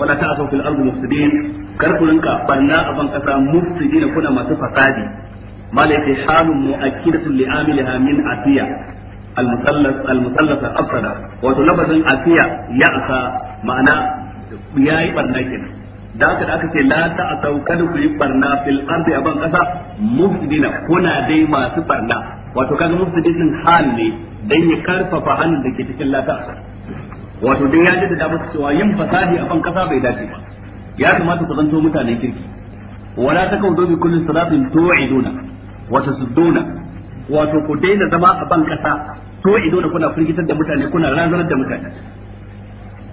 wala ta'asu fil ardi mufsidin kar ku rinka barna a ban kasa mufsidin kuna masu fasadi malaikatu halun mu'akkidatun li amiliha min atiya المثلث المثلث الأبصر وتلفظ ya يأسى ma'ana ياي برنا كده da haka da aka ce la ta a saukar ku yi barna fil ardi aban kasa mufsidina kuna dai masu barna wato kaga mufsidi din hal ne dan ya karfafa hannun da ke cikin lata wato dan ya jaddada musu cewa yin fasahi a kan kasa bai dace ba ya kamata ku zanto mutanen kirki wala takawdu bi kulli salatin tu'iduna wa tasudduna wato ku daina zama a ban kasa tu'iduna kuna firgitar da mutane kuna razanar da mutane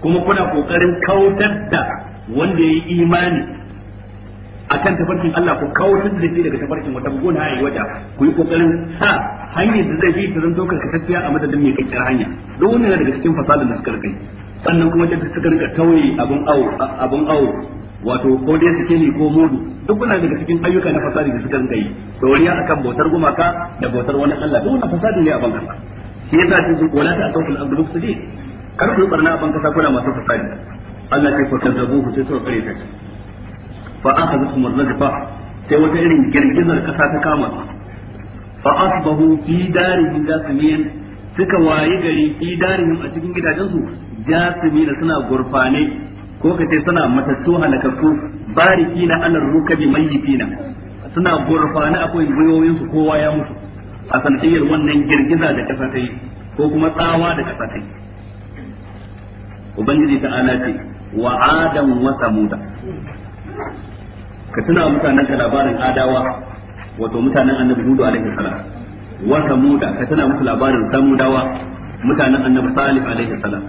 kuma kuna kokarin kautar da wanda yayi imani akan tafarkin Allah ku kautar da shi daga tafarkin wata gona yi wata ku yi kokarin sa hanyar da zai bi ta zanto karkatacciya a madadin mai kakkiyar hanya don wannan daga cikin fasalin da suka kai sannan kuma da suka rika tauye abun awo abun awo wato ko dai suke ne ko mudu duk wannan daga cikin ayyuka na fasalin da suka kai doriya akan bautar gumaka da bautar wani Allah don wannan fasadi ne a bankan shi yasa cikin wala ta asawul abdul sadiq kar ku barna a bankan kuna masu fasadi Allah ya fa kazzabu ku sai suka kare ta fa kuma zai ba sai wata irin girgizar kasa ta kama su fa asbahu fi darihim jasmiyan suka wayi gari fi a cikin gidajensu jasmina suna gurfane ko ka ce suna matattu halakakku ruka bi rukabi fina. suna gurfane akwai gwiwoyin su kowa ya mutu a sanadiyar wannan girgiza da kasa ta yi ko kuma tsawa da kasa ta yi ubangiji ta ce wa adam wa samuda ka tuna mutanen ka labarin adawa wato mutanen annabi hudu alaihi salam wa samuda ka tuna musu labarin samudawa mutanen annabi salih alaihi salam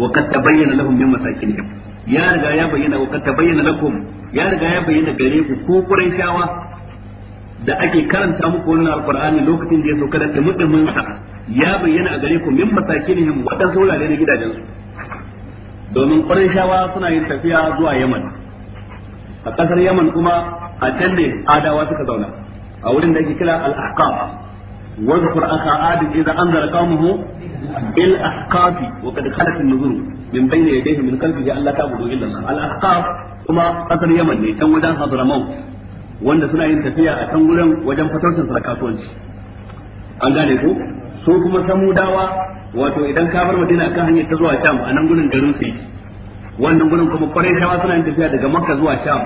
wa kad tabayyana lahum min masakinihim ya riga ya bayyana wa kad tabayyana lakum ya riga ya bayyana gare ku ko shawa da ake karanta muku wannan alqur'ani lokacin da ya sauka da mutumin sa ya bayyana a gare ku min masakinihim wadan saurare na gidajensu domin quraishawa suna yin tafiya zuwa yaman a kasar yaman kuma a can ne adawa suka zauna a wurin da ake kira al-ahqaf واذكر أخا عاد إذا أنذر قومه بالأحقاف وقد خلت النذور من بين يديه من قلبه ألا تعبدوا إلا الله الأحقاف kuma قصر yaman ne can wajen Hadramaut wanda suna yin tafiya a can gurin wajen fataucin su kasuwanci an gane ku su kuma samudawa wato idan ka bar Madina kan hanyar ta zuwa Sham a nan gurin garin su wannan gurin kuma kwarai shawa suna yin tafiya daga makka zuwa sham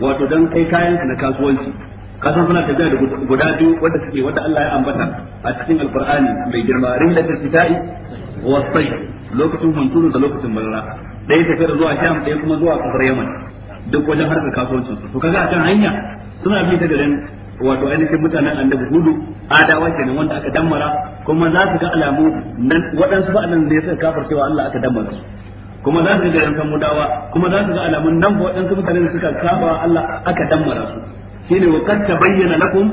wato don kai kayan na kasuwanci kasan suna tafiya da guda biyu wanda suke wanda Allah ya ambata a cikin alqur'ani mai girma rihlatul fita'i wa sayf lokacin hunturu da lokacin marra ɗaya tafiyar zuwa sham ɗaya kuma zuwa kasar yaman duk wajen harkar kasuwancin to kaga a kan hanya suna bi ta garin wato ainihin mutanen annabi hudu adawa kenan wanda aka dammara kuma za su ga alamu nan waɗansu ba nan ne suka kafar cewa Allah aka dammara su kuma za su ga yan san mudawa kuma za su ga alamun nan ba waɗansu mutane da suka saba Allah aka damara su shine wa kad bayyana lakum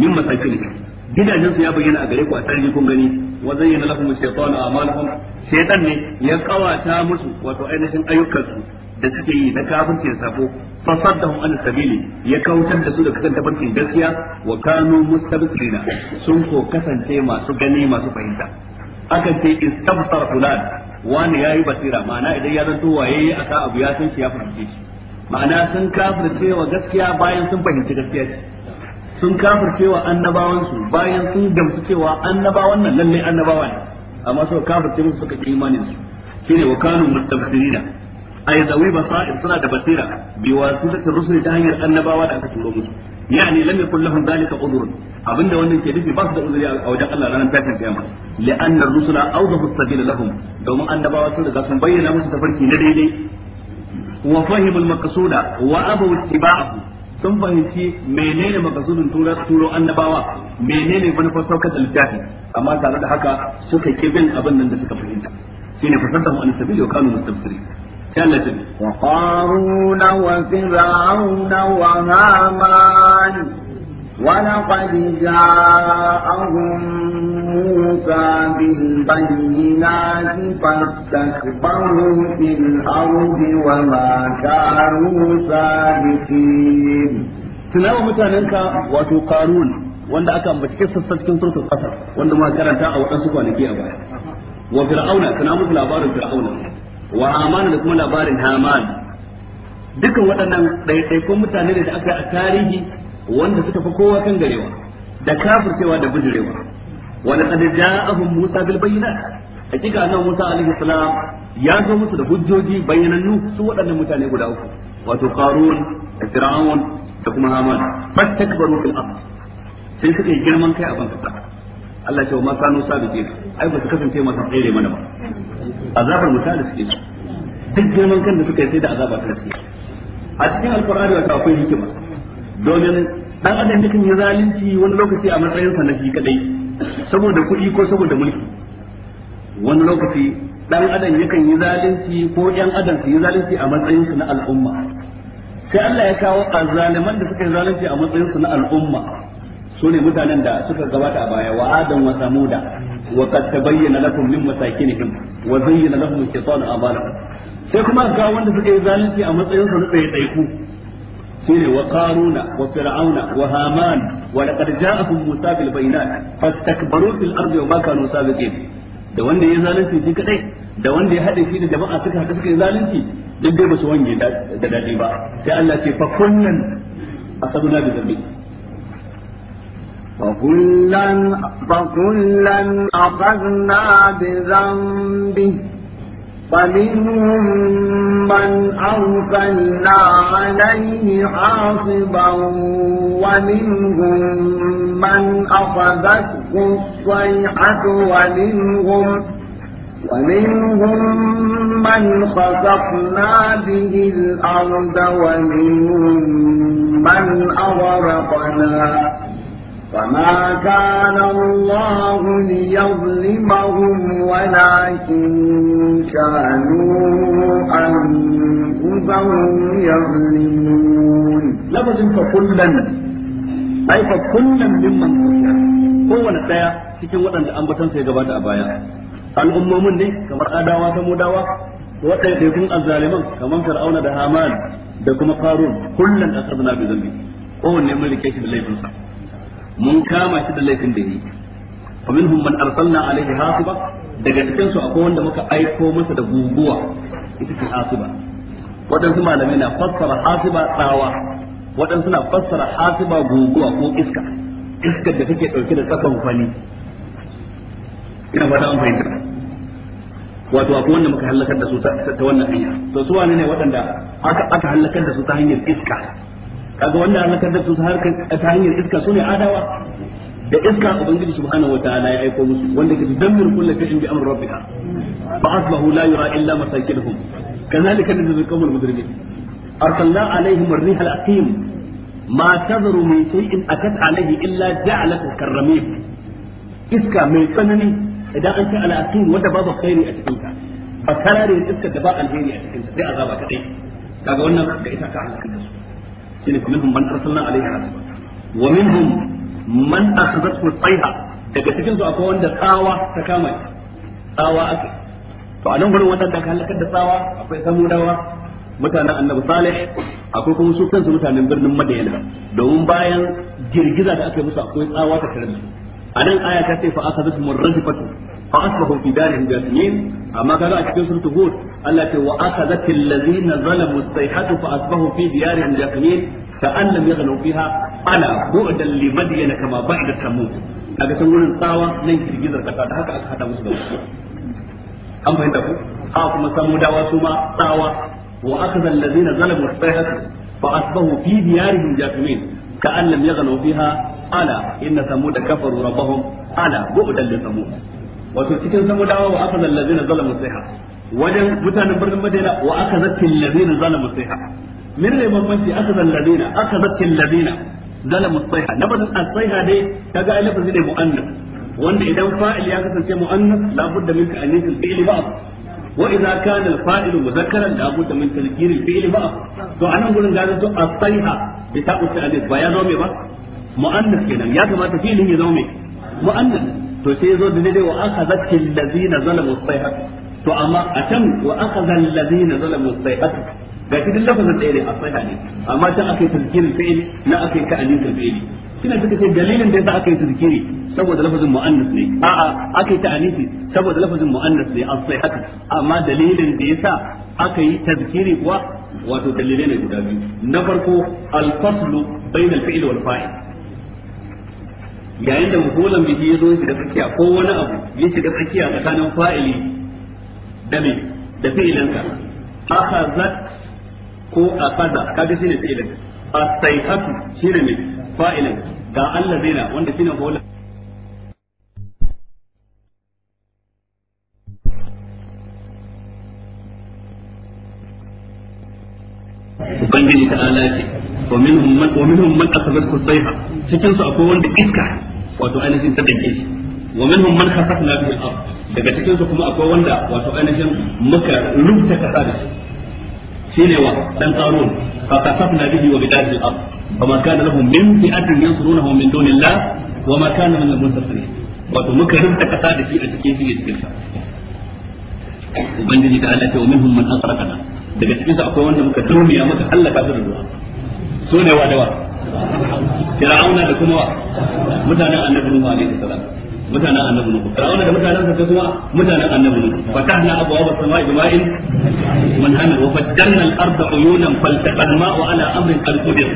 min masakinikum gidajen su ya bayyana a gare ku a sarari kun gani wa zayyana lakum shaytanu a'malakum shaytan ne ya kawata musu wato ainihin ayyukansu da suke yi na kafircin sabo fa saddahum an sabili ya kautar da su da kasan tabarkin gaskiya wa kanu mustabsirina sun ko kasance masu gani masu fahimta akan ce istabsar fulan wani ya yi basira ma'ana idan ya zanto waye aka abu ya san shi ya fahimce shi ma'ana sun kafircewa wa gaskiya bayan sun fahimci gaskiya ce sun kafircewa wa annabawansu bayan sun gamsu cewa annabawan nan lalle annabawa ne amma suka kafirce musu suka imanin su shine wa mutafsirina ay zawi basair suna da basira bi wasitatir rusul ta hanyar annabawa da aka turo musu yani lam yakul lahum dhalika udhur abinda wannan ke nufi ba su da uzuri a wajen Allah ranar tashin kiyama li'anna rusula awdahu as-sabila lahum domin annabawa sun riga sun bayyana musu tafarki na daidai wa fahimul maqsuda wa abaw ittiba'ahu sun fahimci menene makasudin tura turo annabawa menene manufar saukar littafi amma tare da haka suka ki bin abin nan da suka fahimta shine fasattahu an sabili wa kanu mustabsirin وقارون وفرعون وهامان ولقد جاءهم موسى a فاستكبروا في الأرض وما كانوا سابقين tunawa mutanenka wato karun wanda aka ambaci kissarsa cikin wanda muka karanta a wadansu kwanaki a baya wa fir'auna kana musu labarin fir'auna wa amana da kuma labarin haman dukan waɗannan ɗaiɗaikun mutane da aka a tarihi wanda suka fi kowa kan garewa da kafircewa da bijirewa wa da ja'ahum musa bil bayyinat hakika nan musa alaihi salam ya zo musu da hujjoji bayyanannu su waɗannan mutane guda uku wato qarun da fir'aun da kuma haman fastakbaru fil ard sai suka yi girman kai a ban Allah ya ce wa ma kanu sabiqin ai ba su kasance masu tsere mana ba azabar misali suke su duk girman kan da suka yi sai da azaba ta ce a cikin alfarari wata akwai hikima domin dan adam yakan yi zalunci wani lokaci a matsayin sa na shi kadai saboda kuɗi ko saboda mulki wani lokaci dan adam yakan yi zalunci ko ɗan adam su yi zalunci a matsayin su na al'umma sai Allah ya kawo azzaliman da suka yi zalunci a matsayin su na al'umma su ne mutanen da suka gabata a baya wa adam wa samuda وقد تبين لكم من مساكنهم وزين لهم الشيطان أعمالهم sai kuma ga wanda suka yi zalunci a matsayin su na ɗaiɗaiku shine wa qaruna wa fir'auna wa haman wa laqad ja'akum musa bil bayinat fastakbaru fil ardi wa ma kanu sabiqin da wanda ya zalunci shi kadai da wanda ya hade shi da jama'a suka hada suka yi zalunci duk dai ba su wange da dadi ba sai Allah ce fa kunnan asabuna bi dhanbi وكلا فكلا أخذنا بذنبه فمنهم من أرسلنا عليه حاصبا ومنهم من أخذته الصيحة ومنهم ومنهم من خسفنا به الأرض ومنهم من أغرقنا فما كان الله ليظلمهم ولكن كانوا أنفسهم يظلمون لفظ فكلا أي فكلا ممن هو نتايا cikin waɗanda ambatansa ya gabata a baya al'ummomin ne kamar adawa ta mudawa waɗanda tekun azzaliman kamar fir'auna da haman da kuma karun kullum a sarfina bi zambi kowanne mun rike shi da laifinsa mun kama shi da laifin da yi fa minhum man arsalna alaihi hasiba daga cikin su akwai wanda muka aiko masa da guguwa ita ce hasiba waɗansu malamai na fassara hasiba tsawa waɗansu na fassara hasiba guguwa ko iska iskar da take ɗauke da tsakan fani ina fata an fahimta wato akwai wanda muka halakar da su ta wannan hanya to su wane ne waɗanda aka aka halakar da su ta hanyar iska kaga wanda halakar da su ta hanyar iska su ne adawa da iska ubangiji subhanahu wataala ya aiko musu wanda ke dammir kullu shay'in bi amri rabbika fa asbahu la yura illa masakinuhum kadhalika najzi al-qawm al-mujrimin arsalna alaihim ar-rihal aqim ma tadru min shay'in atat alayhi illa ja'alat karramim iska mai tsanani idan an ce al-aqim wanda babu khairi a cikin ta ba karare iska da ba alheri a cikin ta sai azaba kadai kaga wannan da ita ka halaka da su ne kuminhum man arsalna alaihi hasiba wa minhum man akhadathu al-tayha daga cikin su akwai wanda tsawa ta kama tsawa ake to a nan gurin wadanda ka halakar da tsawa akwai samudawa mutanen annabi salih akwai kuma su kansu mutanen birnin madina domin bayan girgiza da aka yi musu akwai tsawa ta karami a nan aya ta ce fa akhadathu ar-rajfatu fa asbahu fi darihim jasimin amma kaga a cikin suratul hud Allah ce wa akhadhatil ladzina zalamu sayhatu fa asbahu fi diyarihim jasimin ka'an lam yaghnu fiha ala bu'dan li madyana kama ba'da samud kaga san wurin tsawa nan girgizar kasa da haka aka hada musu da wasu an fahimta ku ha kuma samudawa su ma tsawa wa akhadha allazina zalamu sayhatu fa asbahu fi ala ala wato cikin samudawa wa akhadha na zalamu sayha wajen mutanen birnin madina wa akhadhat allazina zalamu sayha min ne bambanci akhadha allazina akhadhat allazina zalamu sayha lafazin as-sayha dai kaga ai lafazin ne mu'annas wanda idan fa'il ya kasance mu'annas la budda min ta'anis al-fi'l ba'd wa idza kana al-fa'il mudhakkaran la budda min tadhkir al-fi'l ba'd to anan gurin ga to as-sayha bi ta'u ta'anis ba ya zo me ba mu'annas kenan ya kamata fi'lin ya zo me mu'annas to sai zo da daidai wa akhadhat allazina zalamu sayhat to amma a can wa akhadha allazina zalamu sayhat ga shi duk lafazin ɗaya ne a sayha ne amma can akai tazkirin fi'il na akai ta'anin fi'ili kina suka ce dalilin da yasa aka yi tazkiri saboda lafazin mu'annas ne a'a aka yi ta'anisi saboda lafazin mu'annas ne asai haka amma dalilin da yasa aka yi tazkiri kuwa wato dalilai ne guda biyu na farko al-faslu bayna al-fi'l wal fa'il yayin da muhulan bihi ya zo ya shiga tsakiya ko wani abu ya shiga tsakiya tsakanin fa'ili da me da fi'ilinka akhazat ko akaza kaga shine fi'ilin as-sayhatu shine me fa'ilin ga Allah zaina wanda shine muhulan ubangiji ta ala ce wa minhum man wa minhum man asabatku sayha cikin su wanda iska wato ainihin ta dake shi wa minhum man khasafna bihi al-ard daga cikin su kuma akwai wanda wato ainihin muka rubuta kasa da shi shine wa dan qarun fa khasafna bihi wa bidarihi al-ard fama kana lahum min fi'atin yansurunahu min dunillah wa ma kana min al-muntasir wato muka rubuta kasa da shi a cikin shi cikin sa ubangiji ta Allah ce wa minhum man asraqana daga cikin su akwai wanda muka dumiya muka halaka su da ruwa so ne wa dawa fir'auna da kuma mutanen annabi nuhu alaihi salam mutanen annabi nuhu fir'auna da mutanen sa kuma mutanen annabi nuhu fatahna abwaab as-samaa'i bima'in manhamir wa fajjarna al-arda uyunan faltaqa al-ma'u ala amrin qad qudir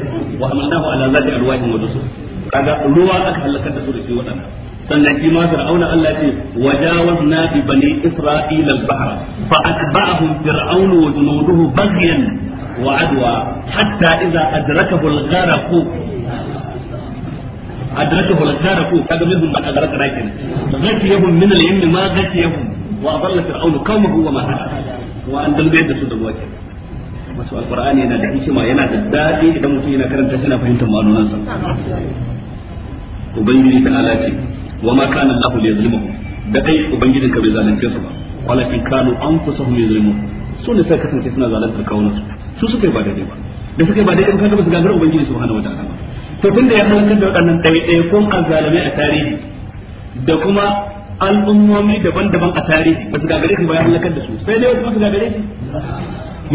wa hamalnahu ala zati alwahin wa dusur kaga ruwa aka halaka da su da shi wadannan sannan shi ma fir'auna Allah ce wajawazna bi bani isra'ila al-bahr fa atba'ahum fir'aunu wa junuduhu baghyan وعدوى حتى إذا أدركه الغرق A al-garaku kaga minhum man adraka rakin ghashiyahum min al-ilm ma ghashiyahum wa adalla fir'aunu qaumahu wa ma hada wa an dalbe su da masu alqur'ani yana da hikima yana da daɗi idan mutum yana karanta shi na fahimtar sa. ubangiji ta ala wa ma kana Allah li yuzlimuhum da kai ubangijin ka bai zalunce su ba walakin kanu anfusahum yuzlimun su ne sai kasance suna zalunta kawunan su su suka yi ba daidai ba da suka yi ba daidai kan ba su gagara ubangiji subhanahu wataala ba to tun da ya halakar da waɗannan ɗaiɗaikun azzalamai a tarihi da kuma al'ummomi daban-daban a tarihi ba su gagare su ba ya halakar da su sai dai wasu ba su gagare su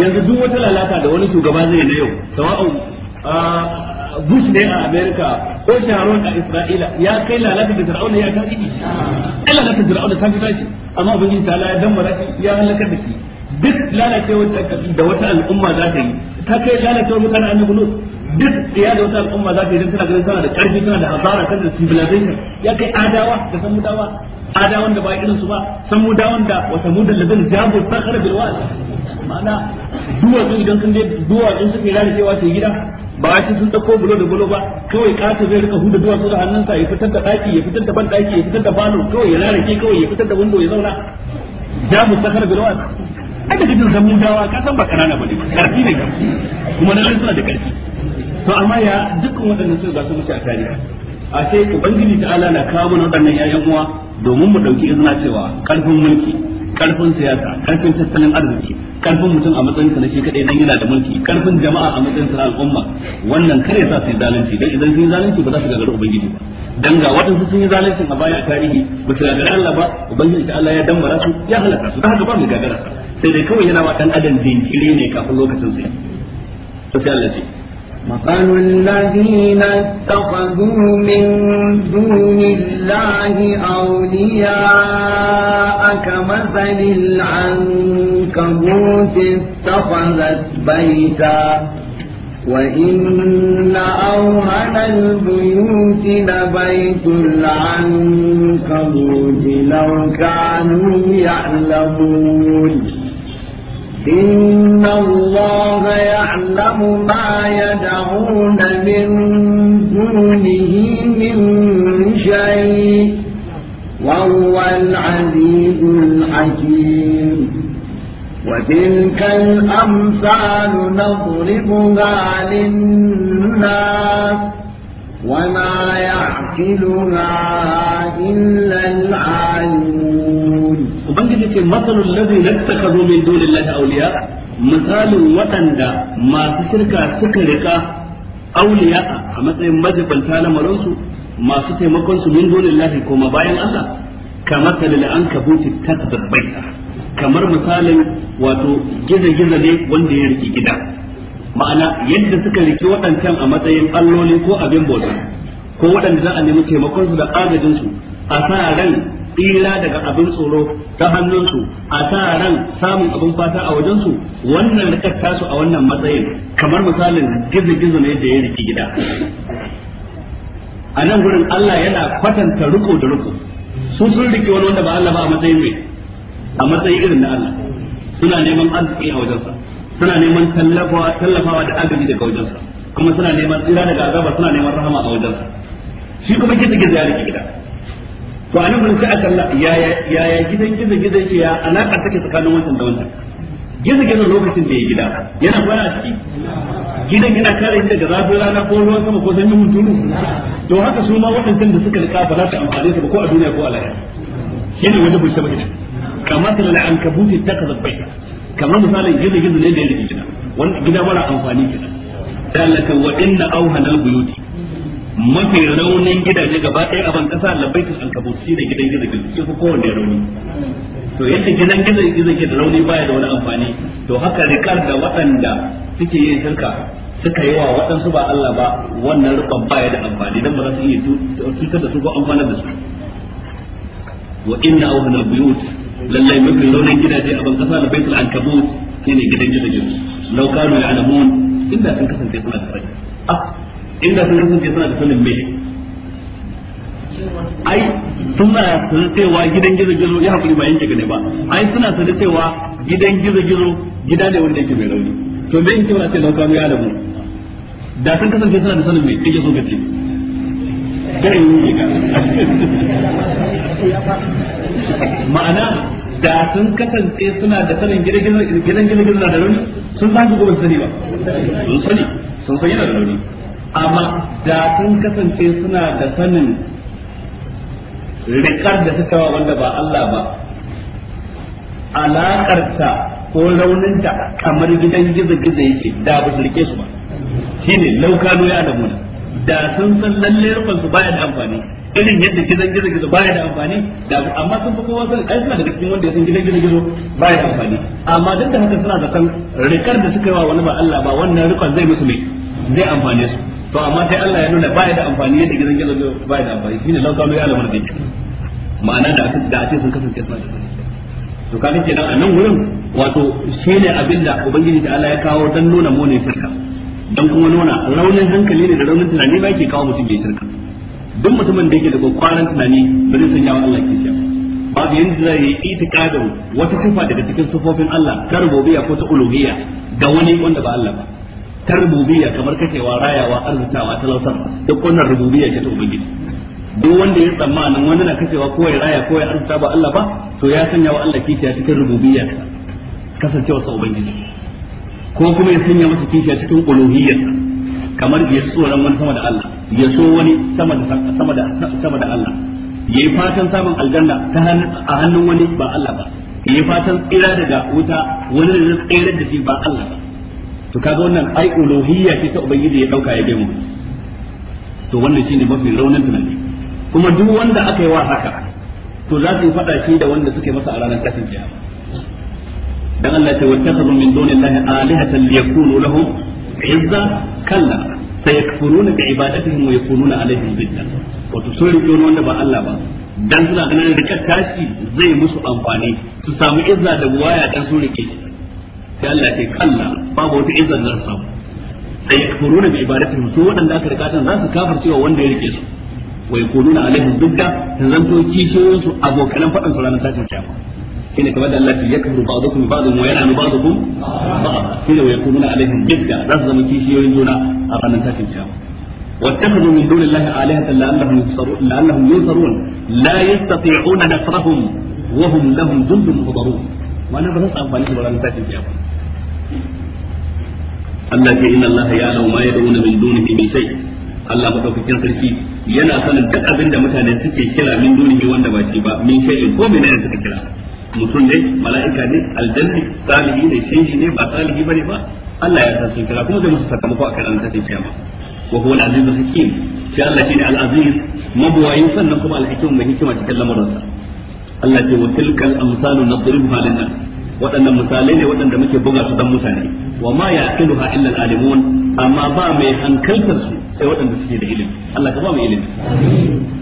yanzu duk wata lalata da wani shugaba zai na yau sawa'un Bush ne a Amerika ko Sharon a Isra'ila ya kai lalata da Fir'auna ya tarihi ai lalata Fir'auna ta fi tashi amma ubangiji ta ya dammara shi ya halakar da shi duk lalacewar da wata al'umma za ta yi ta kai lalacewar mutanen annabi Lut duk ya da wata al'umma za ta yi tana ganin tana da karfi tana da hasara tana da civilization ya kai adawa da mudawa adawan da ba irin su ba samudawan da mudan da zan jabo sakhar bil wal ma'ana duwatsu idan kun je duwatsu suke lalacewa yi gida ba shi sun dauko bulo da bulo ba kawai kato zai rika huda duwatsu da hannunsa ya fitar da daki ya fitar da ban daki ya fitar da bano kawai ya lalace kawai ya fitar da window ya zauna jabo sakhar bil wal ai daga jin zamudawa ka san ba kanana ba bane karfi ne kuma na suna da karfi to amma ya dukkan waɗannan su ga su muke a tarihi a sai ubangiji ta ala na kawo mana waɗannan ƴaƴan uwa domin mu ɗauki izina cewa karfin mulki karfin siyasa karfin tattalin arziki karfin mutum a matsayin sa na shi kadai dan yana da mulki karfin jama'a a matsayin sa al'umma wannan kare sa su zalunci dan idan sun zalunci ba za su gagara ubangiji ba dan ga waɗansu sun yi zalunci a baya a tarihi ba su gagara Allah ba ubangiji ta Allah ya dambara su ya halaka su da haka ba mu gagara sa sai dai kawai yana wa dan adam jinkiri ne kafin lokacin sai to sai Allah ce مثل الذين اتخذوا من دون الله أولياء كمثل العنكبوت اتخذت بيتا وإن أوهن البيوت لبيت العنكبوت لو كانوا يعلمون إن الله يعلم ما يدعون من دونه من شيء وهو العزيز الحكيم وتلك الأمثال نضربها للناس وما يعقلها إلا العالمون ubangiji ce masalul ladhi nattakhadhu min dunillahi awliya misalin waɗanda masu shirka suka rika auliya a matsayin majibanta na maransu masu taimakon su min dunillahi koma bayan Allah kamar salil an kabuti tasbabbaita kamar misalin wato gizo-gizo ne wanda ya riki gida ma'ana yadda suka riki waɗancan a matsayin alloli ko abin bauta ko waɗanda za a nemi taimakon su da agajin su a sa ran tsira daga abin tsoro ta hannunsu a sa samun abin fata a wajensu wannan rikar su a wannan matsayin kamar misalin gizo-gizo ne da ya riki gida a nan gurin Allah yana kwatanta riko da riko su sun riki wani wanda ba Allah ba a matsayin mai a matsayin irin na Allah suna neman arziki a wajensa suna neman tallafawa da agaji daga wajensa kuma suna neman tsira daga azaba suna neman rahama a wajensa shi kuma gizo-gizo ya riki gida to anan mun sai akalla ya ya ya gidan gizo gizo ke ya alaka take tsakanin wancan da wancan gizo gizo lokacin da ya gida yana kwana a ciki gidan yana kare shi daga zafin rana ko ruwan sama ko sanyin hunturu to haka su ma waɗancan da suka rika ba za su amfane su ba ko a duniya ko a lahira shine wani bai saba gidan kamar da al'ankabuti ta kaza bai kamar misalin gizo gizo ne da ya rike gida wani gida mara amfani kenan da Allah kan wa inna auhanal buyuti mafi raunin gidaje gaba ɗaya a ban kasa labaitin alkabut shi ne gidan gizo gizo shi ko kowanne rauni to yadda gidan gizo gizo ke da rauni baya da wani amfani to haka rikar da waɗanda suke yin shirka suka yi wa waɗansu ba Allah ba wannan rukun baya da amfani dan ba za su iya cutar da su ko amfanar da su wa inna awhana buyut lallai mafi raunin gidaje a ban ta labaitin shi ne gidan gizo gizo law kanu alamun inda sun kasance suna da rai ah, inda sun kasance suna da sanin me ai suna sanin cewa gidan gizo gizo ya hakuri ba yanke gane ba ai suna sanin cewa gidan gizo gizo gida ne wanda yake mai rauni to me yake wani ce lauka mu ya da sun kasance suna da sanin me yake so kace gare yi ga ma'ana da sun kasance suna da sanin gidan gizo gidan gizo na da rauni sun san gobe sani ba sun sani sun san yana da rauni amma da sun kasance suna da sanin rikar da suka wa wanda ba Allah ba alaƙarta ko rauninta kamar gidan gizo-gizo yake da ba su rike su ba ne laukano ya alamuna da sun san lalle rufin su baya da amfani irin yadda gidan gizo-gizo baya da amfani da amma sun fi kowa sun ai suna da cikin wanda ya san gidan gizo-gizo baya da amfani amma duk da haka suna da san rikar da suka yi wa wani ba Allah ba wannan rikon zai musu mai zai amfane su to amma sai Allah ya nuna baya da amfani yadda gidan gizo baya da amfani shine ne kanu ya alamar da ma'ana da aka da ake sun kasance suna da to kaga kenan a nan wurin wato shine abinda ubangiji da Allah ya kawo dan nuna mu ne shirka dan kuma nuna raunin hankali ne da raunin tunani ba yake kawo mutum ya shirka duk mutumin da yake da kwakwaran tunani ba zai sanya wa Allah kishiya babu yanzu zai yi itikadin wata sifa daga cikin sufofin Allah ta rububiyya ko ta uluhiyya ga wani wanda ba Allah ba ta rububiyya kamar kashewa rayawa arzutawa lausar duk wannan rububiya ce ta ubangiji duk wanda ya tsammanin wani na kashewa ko ya raya ko ya arzuta ba Allah ba to ya sanya wa Allah kishiya cikin rububiyya kasancewa sa ubangiji ko kuma ya sanya masa kishiya cikin uluhiyya kamar ya so ran wani sama da Allah ya so wani sama da sama da sama da Allah yi fatan samun aljanna ta a hannun wani ba Allah ba Ya yi fatan tsira daga wuta wani da tsira da shi ba Allah ba to kaga wannan ai uluhiyya ce ta ubangiji ya dauka ya mu to wannan shine mafi raunin tunani kuma duk wanda aka yi wa haka to za su fada shi da wanda suke masa a ranar kasin kiyama dan Allah ta wattakhadhu min dunillahi alihatan liyakunu lahum izza kalla sayakfuruna bi ibadatihim wa yakununa alaihim bidda wato sun rike wanda ba Allah ba dan suna ganin rika tashi zai musu amfani su samu izza da waya dan sun rike shi sai Allah ya kalla babu wata izza da samu sai yakfuruna bi ibadatihim su aka za su wanda ya rike su wa yakununa alaihim dudda zanto kishiyoyin su su ranar kiyama kamar da Allah ya alaihim za su zama kishiyoyin juna a ranar kiyama واتخذوا من دون الله آلهة لعلهم ينصرون لعلهم ينصرون لا يستطيعون نصرهم وهم لهم جند وأنا بس في Allah ce inna Allah ya'lamu ma yad'una min dunihi min shay Allah madaukakin sarki yana sanin duk abin da mutane suke kira min dunihi wanda ba shi ba min shay ko menene suka kira mutum ne mala'ika ne aljanni salihi ne shehi ne ba salihi bane ba Allah ya san sun kira kuma zai musu sakamako akan an tafi kiyama wa huwa al-aziz al-hakim sai Allah shine al-aziz mabuwayi sannan kuma al-hakim mai hikima cikin lamarinsa Allah ce wa tilkal amsalu nadribuha lin-nas waɗannan misalai ne waɗanda muke buga su dan mutane وما يعقلها إلا العالمون أما با مي هنكل سي سوى أن ده علم الله كبا مي علم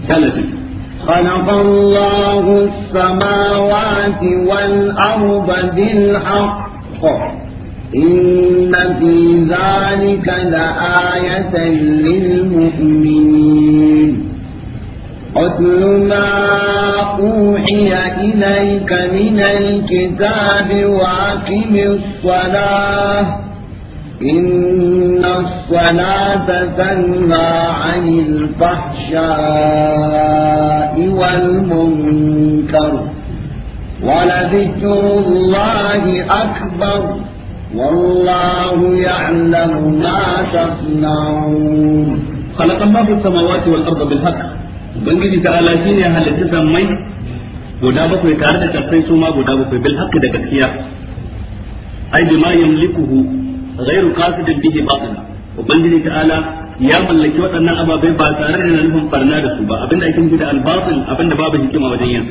ثالثا خلق الله السماوات والأرض بالحق إن في ذلك لآية للمؤمنين أتل ما أوحي إليك من الكتاب وأقم الصلاة إن الصلاة تنهى عن الفحشاء والمنكر ولذكر الله أكبر والله يعلم ما تصنعون خلق الله السماوات والأرض بالحق ubangiji ta ala shine ya halitta sammai guda bakwai tare da suma su ma guda bakwai bil haqqi da gaskiya ai bi ma yamlikuhu ghairu qasidin bihi batila ubangiji ta ala ya mallaki waɗannan ababai ba tare da nufin barna da su ba abinda ake nufi da al abinda babu hikima wajen yin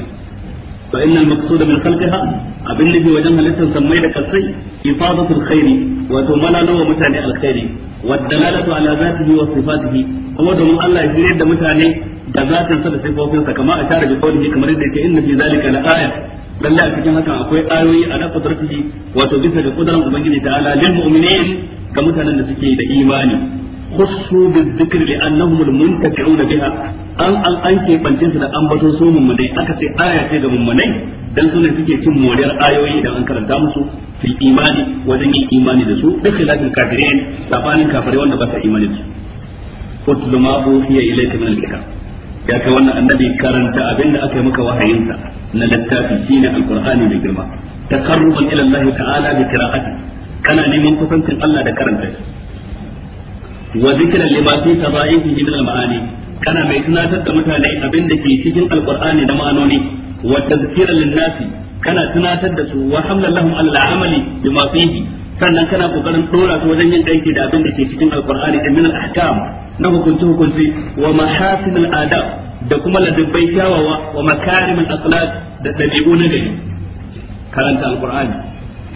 fa innal maqsuda min khalqiha abin nufi wajen halittar sammai da kasai ifadatul khairi wato malalo wa mutane alkhairi والدلالة على ذاته وصفاته هو دون الله يشير يد متعني da zatin sa da sifofin sa kama a share bi kawai kamar yadda yake inna fi zalika la aya lalle a cikin hakan akwai ayoyi ala qudratihi wato bisa ga kudaran ubangiji ta'ala lil mu'minin ga mutanen da suke da imani khussu bi dhikri li annahum al muntafi'una biha an an an da su da ambaton su mummunai aka ce aya ce ga mummunai dan sunan suke cin moriyar ayoyi idan an karanta musu fil imani wajen yin imani da su duk lafin kafirin sabanin kafirai wanda ba sa imani da su utlu ma uhiya ilayka min ya kai wannan annabi karanta abin da aka yi maka sa na littafi shine alqur'ani mai girma taqarruban ila Allah ta'ala bi qira'ati kana neman kusancin Allah da karanta wa zikran lima fi tadaifihi min al-ma'ani kana mai tunatar da mutane abin da ke cikin alkur'ani da ma'anoni wa tazkira linnasi? kana tunatar da su wa hamlallahum al-amali bima fihi sannan kana kokarin dora su wajen yin aiki da abin da ke cikin alkur'ani da min al-ahkam na hukunci hukunci wa mahasin al-adab da kuma ladabbai kyawawa wa makarim al-akhlaq da dabi'u na gari karanta alkur'ani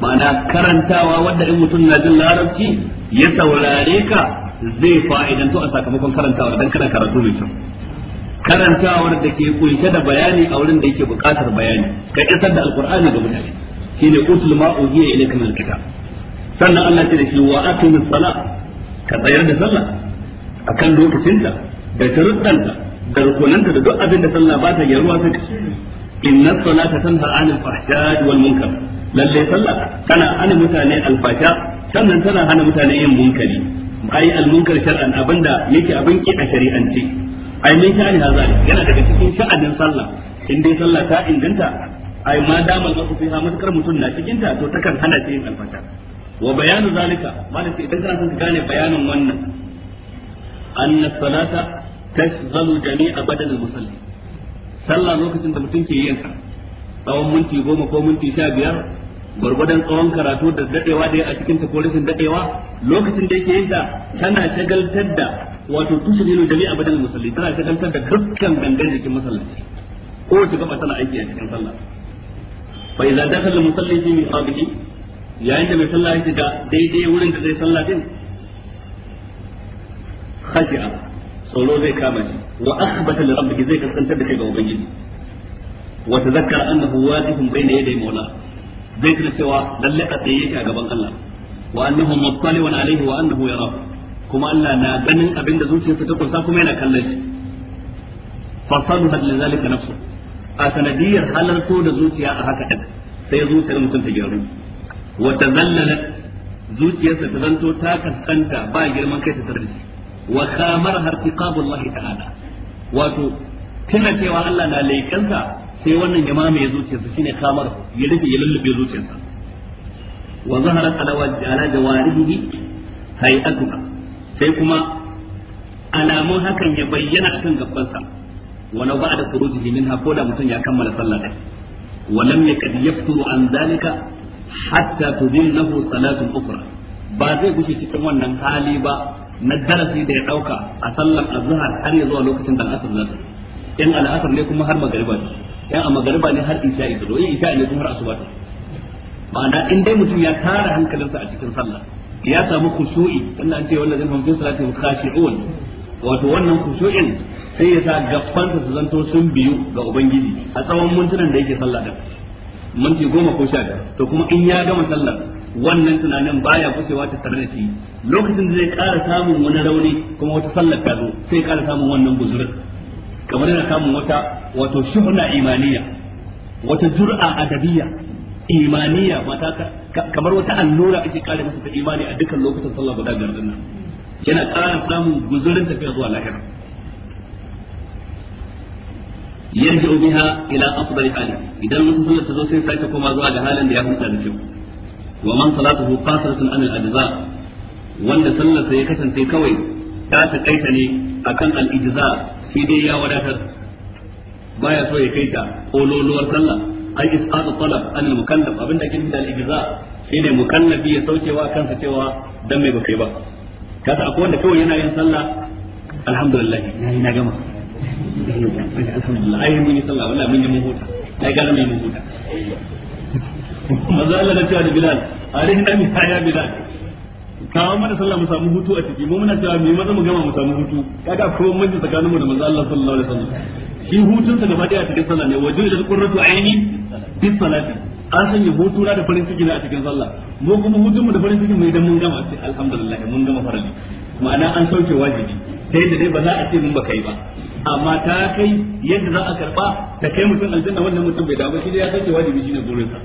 ma'ana karantawa wanda in mutum na jin larabci ya saurare ka zai fa'idantu a sakamakon karantawa dan kana karatu mai kyau karantawar da ke kunshe da bayani a wurin da yake buƙatar bayani ka isar da alqur'ani ga mutane shine utul ma uhiya ilayka min alkitab sannan Allah da shi wa aqimis sala ka tsayar da sallah akan lokacinta da sharuɗanta da rukunanta da duk abin da sallah ba ta gyaruwa sai inna salata tanha anil fahsha'i wal munkar lalle sallah tana hana mutane alfasha sannan tana hana mutane yin munkari ai al-munkar shar'an abinda yake abin ki a shari'ance ai ta ne haza yana daga cikin sha'anin sallah in dai sallah ta inganta ai ma dama ga ku matakar mutum na cikin ta to takan hana ta yin alfasha wa bayanu zalika malam idan kana son ka gane bayanin wannan anna salata tashghalu jami'a badal musalli sallah lokacin da mutum ke yin sa tsawon minti goma ko minti sha biyar gwargwadon tsawon karatu da dadewa da a cikin ta dadewa lokacin da yake yinta tana shagaltar da wato tushilu jami'a badal musalli tana shagaltar da dukkan gangar jikin masallaci ko ta gaba tana aiki a cikin sallah fa idza dakhala al-musalli mai sabiki yayin da mai sallah yake da daidai wurin da zai sallah din khashi'a tsoro zai kama shi wa akhbata li rabbih zai kasantar da kai ga ubangiji wa tazakkara annahu wajibun bayna yaday mawla zai tuna cewa lalle a tsaye yake a gaban Allah wa annahu muttali'un alaihi wa annahu yara kuma Allah na ganin abin da zuciyarsa ta kunsa kuma yana kallon shi fa saluha lidhalika nafsu a sanadiyar halarto da zuciya a haka din sai zuciyar mutum ta gyaru wa tazallalat zuciyarsa ta zanto ta kaskanta ba girman kai ta sarri wa khamar hartiqabullahi ta'ala wato tana cewa Allah na laikansa sai wannan ya mamaye zuciyarsa shine kamar ya rufe ya lullube zuciyarsa wa zahara ala ala jawarihi hay'atuha sai kuma alamun hakan ya bayyana akan gabbansa walau ba'da khurujihi minha ko da mutum ya kammala sallah din wa lam yakad yafturu an zalika hatta tudillahu salatun ukhra ba zai gushe cikin wannan hali ba na darasi da ya dauka a sallar azhar har ya zuwa lokacin da al'asr zata in al'asr ne kuma har magriba yan a magariba ne har isha'i da royin isha'i ne kuma har asuba ta ma'ana in dai mutum ya tara hankalinsa a cikin sallah ya samu khushu'i wannan an ce wannan zan hamsin salatin khashi'un wato wannan khushu'in sai ya sa gafansa su zanto sun biyu ga ubangiji a tsawon mintunan da yake sallah da minti goma ko sha to kuma in ya gama sallah wannan tunanin baya kusewa ta tare da shi lokacin da zai kara samun wani rauni kuma wata sallar ta zo sai kara samun wannan buzurin kamar yana samun wata wato shuhna imaniya wata jur'a adabiyya imaniya mata kamar wata allura ake kare masa ta imani a dukkan lokutan sallah guda biyar dinnan yana ƙara samun guzurin tafiya zuwa lahira yarji biha ila afdal hali idan mutum sallar ta zo sai sake koma zuwa ga halin da ya huta da kyau wa man salatuhu qasiratun an al-ajza wanda sallar sa ya kasance kawai ta kaita ne akan al-ijza sai dai ya wadatar baya so ya kai ta kololuwar sallah ai isqatu أن an أبن mukallaf abinda الإجزاء da al-ijza shine ستوى ya saukewa kansa cewa dan هو bakai ba kasa akwai wanda kawai yana yin sallah alhamdulillah na gama alhamdulillah ai mun yi sallah wallahi mun yi mun huta ai gara mun da cewa Bilal da kawo mana sallah mu samu hutu a ciki mu muna cewa mai maza mu gama mu samu hutu kaga ko mun ji tsakaninmu da manzo Allah sallallahu alaihi wasallam shi hutunsa gaba daya a cikin sallah ne wajen da qurratu aini bis salati an sanya hutu da farin ciki na a cikin sallah mu kuma hutun mu da farin ciki mu idan mun gama sai alhamdulillah mun gama farali ma'ana an sauke wajibi sai da dai ba za a ce mun ba kai ba amma ta kai yadda za a karba ta kai mutum aljanna wannan mutum bai damu shi dai ya sauke wajibi shine burinsa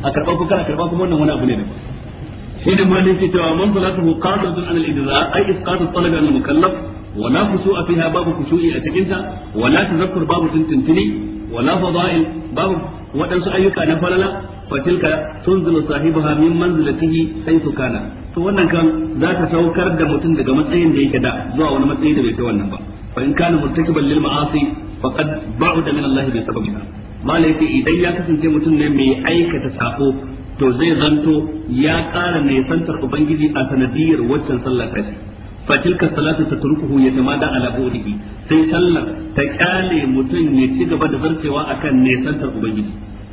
a karba ko kana karba kuma wannan wani abu ne da shi ne malin ke cewa man salatu qadratun an al-idza ay isqatu talabi an al-mukallaf wala khushu'a fiha babu khushu'i a cikin ta wala tazakkur babu tintintini wala fada'il babu wadansu ayyuka na falala fatilka tunzilu sahibaha min manzilatihi to wannan kan za ta saukar da mutum daga matsayin da yake da zuwa wani matsayi da bai kai wannan ba fa in kana murtakiban lil ma'asi faqad ba'uda min Allah bi sababiha malaka idan ya kasance mutum ne mai aikata sako to zai zanto ya ƙara nisantar ubangiji a sanadiyar waccan sallar kashi fa tilka salatu tatrukuhu yatamada ala budihi sai sallar ta kyale mutum ya ci gaba da zarcewa akan nesantar ubangiji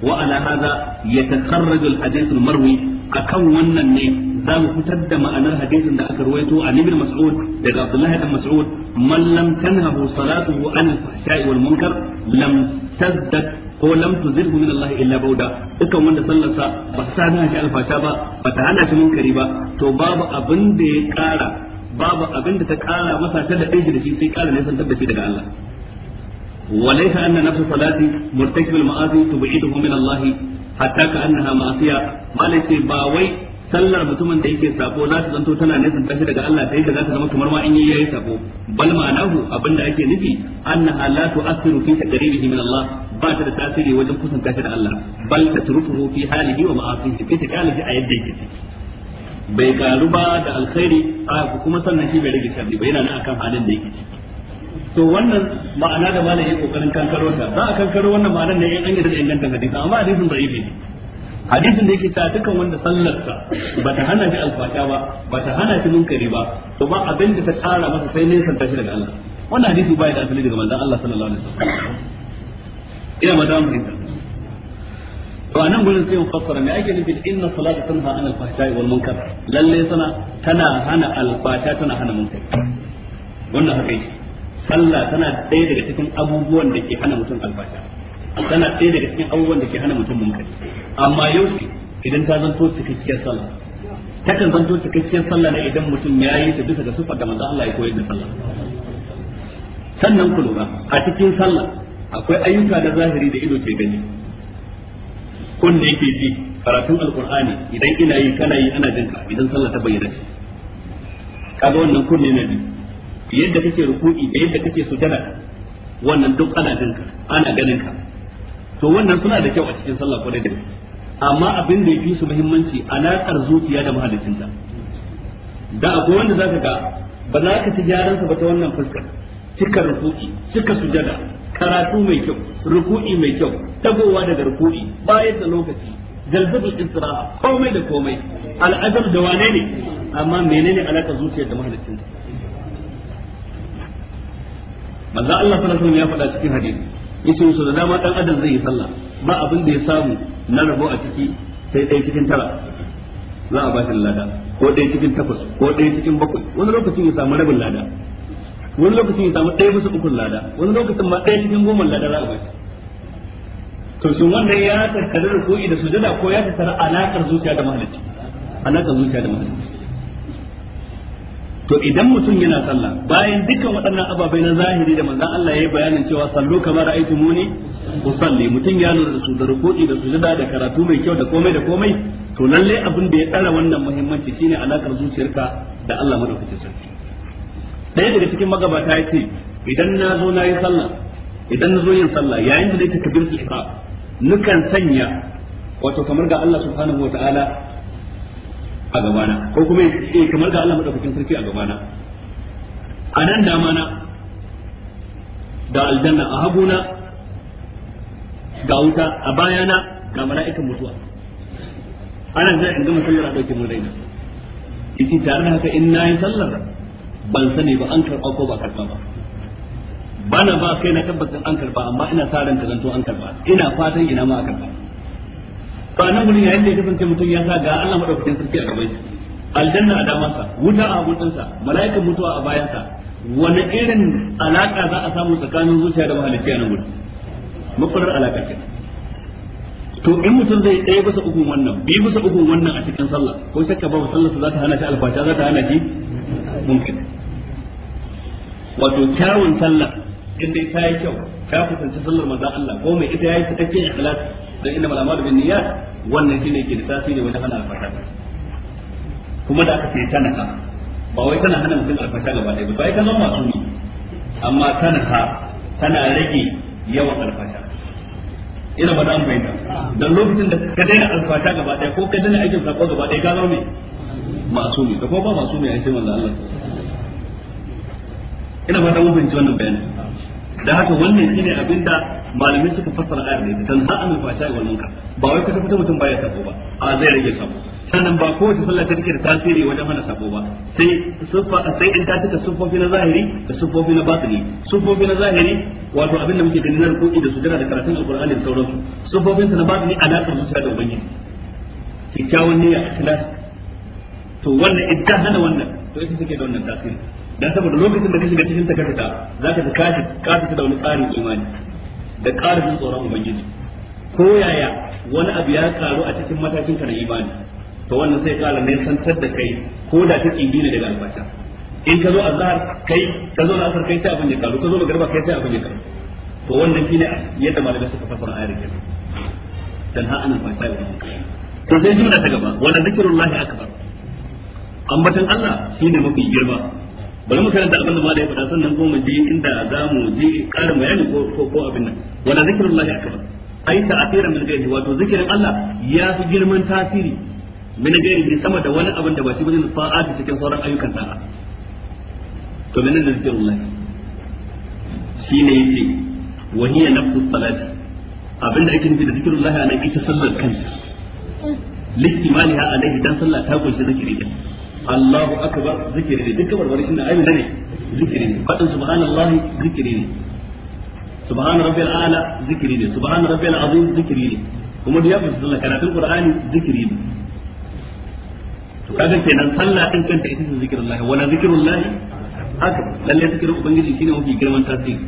wa ala hada yatakharraju al hadith al marwi akan wannan ne za mu fitar da ma'anar hadisin da aka ruwaito a Ibn Mas'ud daga Abdullahi ibn Mas'ud man lam tanhahu salatuhu an al-fahsha'i wal munkar lam tazdat ko lam tuzirhu min Allah illa da. dukan wanda sallarsa ba ta hana shi alfasha ba ba ta hana shi munkari ba to babu abin da ya kara babu abin da ta kara masa ta dade shi da shi sai kara nisan da shi daga Allah وليس أن نفس صلاة مرتكب المعاصي تبعده من الله حتى كأنها معصية ما ليس باوي sallar mutumin da yake sabo za ta zanto tana nesan tashi daga Allah ta yadda za ta zama kamar ma in yi yayi sabo bal ma'anahu abinda ake nufi annaha la tu'athiru fi taqribihi min Allah ba ta da tasiri wajen kusanta shi da Allah bal tatrufuhu fi halihi wa ma'asihi fi takalihi a yadda yake bai karu ba da alkhairi a kuma sannan shi bai rage sharri ba yana nan akan halin da yake ciki to wannan ma'ana da malam yake kokarin kankaro ta za a kankaro wannan ma'anar ne in an yi da ingantan hadisi amma hadisin yake ne hadisin da yake ta dukan wanda sallarsa ba ta hana shi alfata ba ba ta hana shi munkari ba to ba abin da ta tsara masa sai ne santa shi daga Allah wannan hadisi ba ya da asali daga manzon Allah sallallahu alaihi wasallam ina ma da fahimta to anan gurin sai mu fassara me ake nufi inna salata tanha anil fahsha'i wal munkar lalle sana tana hana alfasha tana hana munkar wannan haka yake sallah tana ɗaya daga cikin abubuwan da ke hana mutum al alfasha tana ɗaya daga cikin abubuwan da ke hana mutum munkar amma yau idan ta zanto cikakkiyar sallah ta takan zanto cikakkiyar sallah ne idan mutum ya yi ta bisa ga sifar da manzo Allah ya koyar da sallah sannan ku lura a cikin sallah akwai ayyuka na zahiri da ido ke gani da yake ji karatun alkur'ani idan ina yi kana yi ana jin ka idan sallah ta bayyana shi kaga wannan kunne na ji yadda kake ruku'i da yadda kake sujada wannan duk ana jin ka ana ganin ka to wannan suna da kyau a cikin sallah ko da amma abin da yafi su muhimmanci alaƙar zuciya da mahalicin da da akwai wanda zaka ga ba za ka ci gyaran sa ba ta wannan fuskar cika ruku'i cika sujada karatu mai kyau ruku'i mai kyau tagowa daga ruku'i bayan da lokaci jalzatul istiraha komai da komai al'adar da wane ne amma menene alaka zuciya da mahalicin manzo Allah sallallahu alaihi ya faɗa cikin hadisi yace su da dama dan adam zai yi sallah ba abin da ya samu na rabo a ciki sai dai cikin tara za a ba shi lada ko dai cikin takwas ko dai cikin bakwai wani lokacin ya samu rabin lada wani lokacin ya samu ɗaya bisa ukun lada wani lokacin ma ɗaya cikin goma lada za a bashi to shin wanda ya tattare da koyi da sujada ko ya tattara alaƙar zuciya da mahalicci alaƙar zuciya da mahalicci to idan mutum yana sallah bayan dukkan waɗannan ababai na zahiri da manzon Allah ya yi bayanin cewa sallu kamar muni usalli mutum ya lura da su da ruku'i da sujada da karatu mai kyau da komai da komai to lalle abin da ya tsara wannan muhimmanci shine alaƙar zuciyarka da Allah madaukakin sarki ɗaya daga cikin magabata ya ce idan na zo na yi sallah idan na zo yin sallah yayin da tafi birki ihram nukan sanya wato kamar ga Allah subhanahu Ta'ala a gabana ko kuma eh kamar ga Allah madaukakin sarki a gabana a nan dama na da aljanna a habuna ga wuta a bayana ga mala'ikan mutuwa ana zai in gama sallar a dauke mun raina yace tare da haka in nayi sallar ban sani ba an karɓa ko ba karba ba bana ba kai na tabbatar an karɓa amma ina sa ran kazanto an karɓa ina fatan ina ma karɓa Ba to nan gurin yayin da ya kasance mutum ya sa ga Allah madaukakin sarki a gaban shi aljanna a sa wuta a sa mala'ikan mutuwa a sa wani irin alaka za a samu tsakanin zuciya da mahalicci nan gudu mafarar alaka ce to in mutum zai ɗaya bisa ukun wannan biyu bisa ukun wannan a cikin sallah ko shakka ba sallar za ta hana shi alfasha za ta hana shi mumkin wato kyawun sallah in dai ta yi kyau ta kusanci sallar manzo Allah ko mai ita yayi cikakken ikhlas dan inna mal a'malu binniyat wannan shine ke da tasiri wajen hana alfasha kuma da aka ce tana ka ba wai tana hana mutum alfasha gaba ɗaya ba ita zama masu ne amma tana ka tana rage yawan alfasha ina ba an bayyana dan lokacin da ka daina alfasha gaba ɗaya ko ka daina aikin sako gaba ɗaya ka zama me masu ne da ko ba masu ne ai sai manzo Allah ina fata mun fahimci wannan bayanin da haka wannan shine abinda malamai suka fassara ayar ne tan ha an fasha wal ka. ba wai kusa fita mutum baya sabo ba a zai rage sabo sannan ba kowace sallah ta take da tasiri wajen hana sabo ba sai suffa sai in ta cika suffofi na zahiri da suffofi na batini suffofi na zahiri wato abin da muke ganin na rukuki da sujada da karatun alqur'ani da sauransu suffofin na batini alaƙar zuciya da ubangiji kikkiawan niyya ikhlas to wannan idan hana wannan to ita take da wannan tasiri dan saboda lokacin da ka shiga cikin takarda zaka ka kashi kashi da wani tsarin imani da ƙarin tsoron ubangiji ko yaya wani abu ya karu a cikin matakin ka na imani to wannan sai ƙara ne santar da kai ko da ta kimbi ne daga albasha in ka zo azhar kai ka zo azhar kai sai abin ya karu ka zo magriba kai sai abin ya karu to wannan shine yadda malamai suka fasara ayar kenan dan ha anan fa sai wannan to sai jumla ta gaba wannan zikrullahi akbar ambatan Allah shine mafi girma bari mu karanta abin da ma da ya faɗa sannan kuma mu je inda za mu je ƙarin bayani ko ko abin nan wala zikrullahi akbar ai ta'athiran min ghairihi wato zikirin Allah ya fi girman tasiri min ghairihi sama da wani abin da ba shi bane sa'ati cikin sauran ayyukan ta. to menene da zikrullahi shine yake wani hiya nafsu salati abinda ake nufi da zikrullahi ana ita sallar kansa listimaliha alaihi dan sallah ta kunshi zikiri din Allahu akbar zikiri ne dukkan warware inda ayu ne zikiri ne fadin subhanallahi zikiri ne subhana rabbil ala zikiri ne subhana rabbil azim zikiri ne kuma da ya fi sallah karatun qur'ani zikiri ne to kaga kenan sallah din kanta ita ce zikrullahi wala zikrullahi akbar lalle zikirin ubangiji shine mafi girman tasiri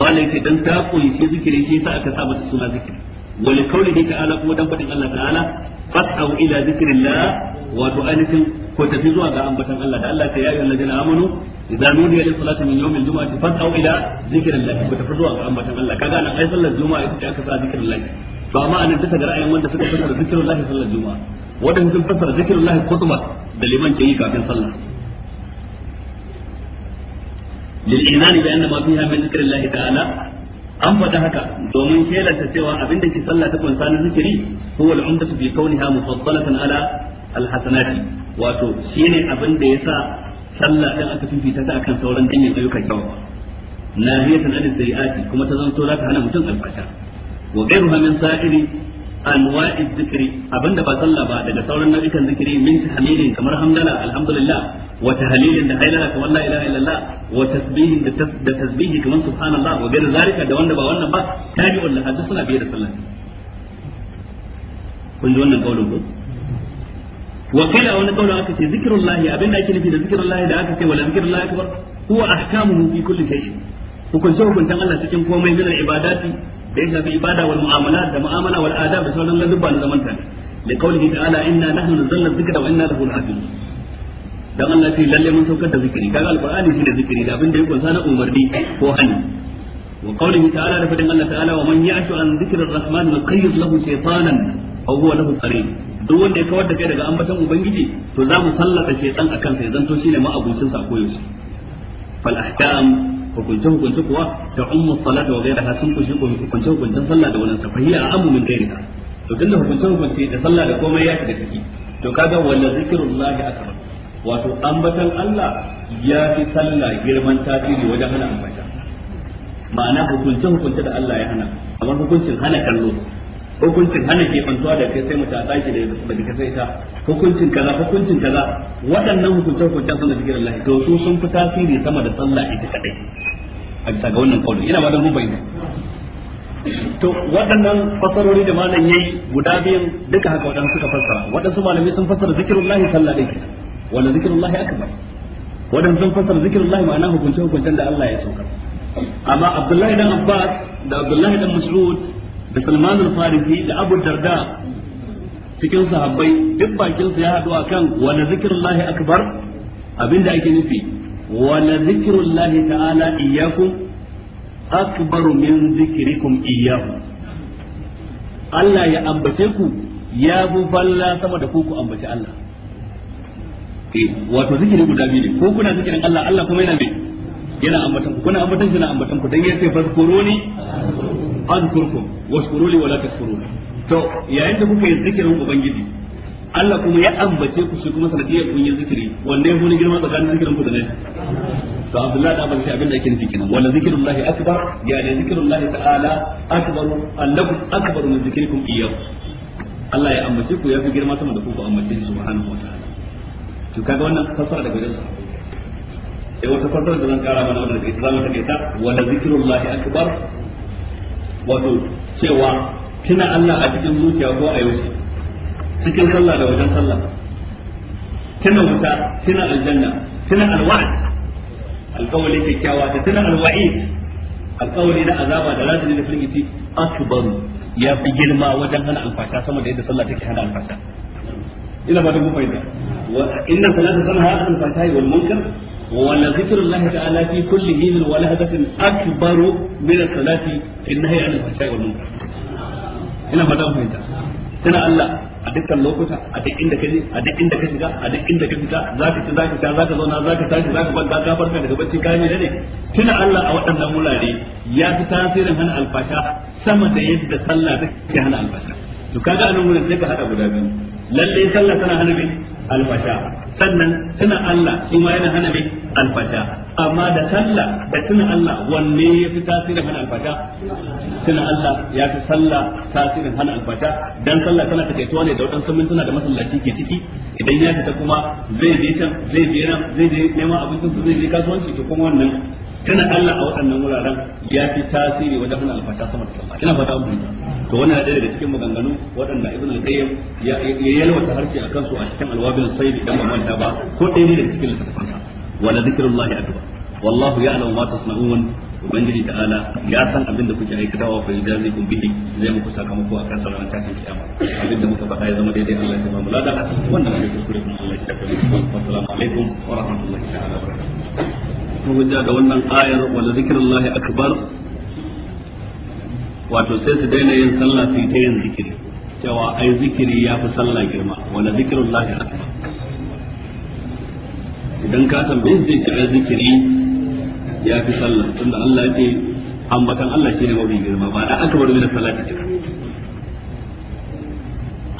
malai sai dan ta koyi sai zikiri shi sa aka saba su suna zikiri wali kaulihi ta'ala kuma dan fadin Allah ta'ala fas'au ila zikrillah wato ainihin ko tafi zuwa ga ambatan Allah da Allah ta ya ayyuhal ladina amanu idza nudiya lis salati min yawmil jumu'ati fas'au ila zikrillah ko tafi zuwa ga ambatan Allah kaga nan ai sallar juma'a ita aka sa zikrillah to amma anan duka ga ra'ayin wanda suka fasara zikrillah sallar juma'a wadanda sun fasara zikrillah khutba da liman ke yi kafin sallah للإيمان بأن ما فيها من ذكر الله تعالى an faɗa haka domin shelanta cewa abin da ke sallah ta kunsa na zikiri huwa al-umdatu bi kauniha mufaddalatan ala alhasanati wato shine abin da yasa sallah din aka fifita ta akan sauran ganyen ayyuka kyawawa nahiyatan anil sayyiati kuma ta zanto za ta hana mutum alfasha wa ghayruha min sa'iri anwa'i dhikri abinda ba sallah ba daga sauran nau'ikan zikiri min tahmidin kamar hamdala alhamdulillah wa tahlilin da hailala kamar la ilaha illallah wa tasbihin da tasbihi kamar subhanallah wa ghayr zalika da wanda ba wannan ba tabi'un lahadu suna biye da sallah kun ji wannan kaulin ko wa kila wani kaula aka ce zikrullahi abinda ake nufi da zikrullahi da aka ce wala zikrullahi akbar huwa ahkamuhu fi kulli shay hukunce hukuntan Allah cikin komai min ibadati da ya shafi ibada wal mu'amalat da mu'amala wal adab da sauran ladubba na zaman tare da kaulihi ta'ala inna nahnu nazzalna dhikra dan Allah ce lalle mun saukar da zikiri kaga alqur'ani shi da zikiri da abinda ya kunsa na umarni ko hani wa qawlihi ta'ala da fadin Allah ta'ala wa man ya'shu an dhikri ar-rahman nuqayyid lahu shaytanan aw huwa lahu qarin duk wanda ya kawar da kai daga ambaton ubangiji to za mu sallata a akan sai zanto shine ma abucin sa koyo shi fal ahkam hukunce hukunce kuwa ta ummu salata wa ghayraha sun ko hukunce hukuncen sallah da wannan safahiya a amu min ghayrika to tunda hukunce hukunce da sallah da komai ya shiga ciki to kaga wala zikrullahi akbar wato ambatan Allah ya fi sallah girman tasiri wajen hana ambata ma'ana hukunce hukunce da Allah ya hana amma hukuncin hana kallo hukuncin hana ke fantuwa da kai sai mu ta tsaki da da kai ta hukuncin kaza hukuncin kaza waɗannan hukuncin hukuncin sun da zikir Allah to su sun fi tasiri sama da sallah ita kadai a bisa ga wannan kauli ina ba da mun bayyana to waɗannan fasarori da malam yayi guda biyan duka haka waɗansu suka fassara waɗansu malamai sun fassara zikirullahi sallah ɗin wala zikirullahi akbar waɗansu sun fassara zikirullahi ma'ana hukuncin hukuncin da Allah ya saukar amma Abdullahi dan Abbas da Abdullahi dan Mas'ud da Salman al-Farisi da Abu Darda cikin sahabbai duk bakin su ya haɗu akan wala zikrullahi akbar abinda ake nufi wani zikrullahi ta'ala iyyakum akbar min zikrikum iyyahu Allah ya ambace ku ya bu balla sama da ku ku ambace Allah eh, wato zikiri guda biyu ne ko kuna zikirin Allah Allah kuma yana me yana ambatan ku kuna ambatan shi na ambatan ku dan yace fazkuruni azkurkum washkuru to yayin da kuka yi zikirin ubangiji Allah kuma ya ambace ku shi kuma sanadiyar kun yi zikiri ya girma tsakanin zikirin ku da nan to Abdullahi da Abdullahi abin da yake nufi kenan wala akbar ya ne ta'ala akbar annakum akbar min zikrikum iyyahu Allah ya ambace ku ya fi girma sama da ku ku ambace shi subhanahu wa ta'ala to kaga wannan fasara daga eh, wata fasara da zan kara mana ke zama ta wala akbar wato cewa tuna Allah a cikin zuciya ko a yaushe cikin sallah da wajen sallah tuna wuta tuna aljanna tuna alwa'd Alƙawali kyakkyawa da tuna alwa'id alƙawali na azaba da razali da firgici akbaru ya fi girma wajen hana alfasha sama da yadda sallah take hana alfasha ina ba da mu fahimta wa inna salata tanha anil fahsai wal munkar ولذكر الله تعالى في كل حين ولهجة أكبر من الصلاة عن الفحشاء والمنكر. ne ne tuna a waɗannan wurare ya tasirin hana alfasha sama da yadda sallah sallah tana hana sannan tuna Allah shi ma yana hana mai alfasha amma da sallah da tuna Allah wanne ya fi tasirin hana alfasha tuna Allah ya fi sallah tasirin hana alfasha dan sallah tana takaituwa ne da wadansu mintuna da masallaci ke ciki idan ya fita kuma zai je can zai je nan zai je neman abincin su zai je kasuwanci to kuma wannan tana Allah a waɗannan wuraren ya fi tasiri wajen hana alfata sama da sama ina fata mun to wannan ɗaya daga cikin maganganu waɗanda ibn al-qayyim ya yalwata harshe a kansu a cikin alwabil sayyid dan ba manta ba ko ɗaya ne daga cikin littafin sa wala zikrullahi akbar wallahu ya'lamu ma tasna'un ubangiji ta'ala ya san abin da kuke aikatawa fa yadda zai kun bihi zai muku sakamako akan sauran tashin kiyama abin da muka faɗa ya zama daidai Allah ya ba mu lada wannan ne kuskure kuma Allah ya tabbata assalamu alaikum wa rahmatullahi wa barakatuh ta hujja da wannan ayar wala zikrullahi akbar wato sai su daina yin sallah su yi ta yin zikiri cewa ai zikiri ya fi sallah girma wala zikrullahi akbar idan ka tambaye zai ce ai zikiri ya fi sallah tunda Allah ya ce amma kan Allah shine mafi girma ba da akbar min salati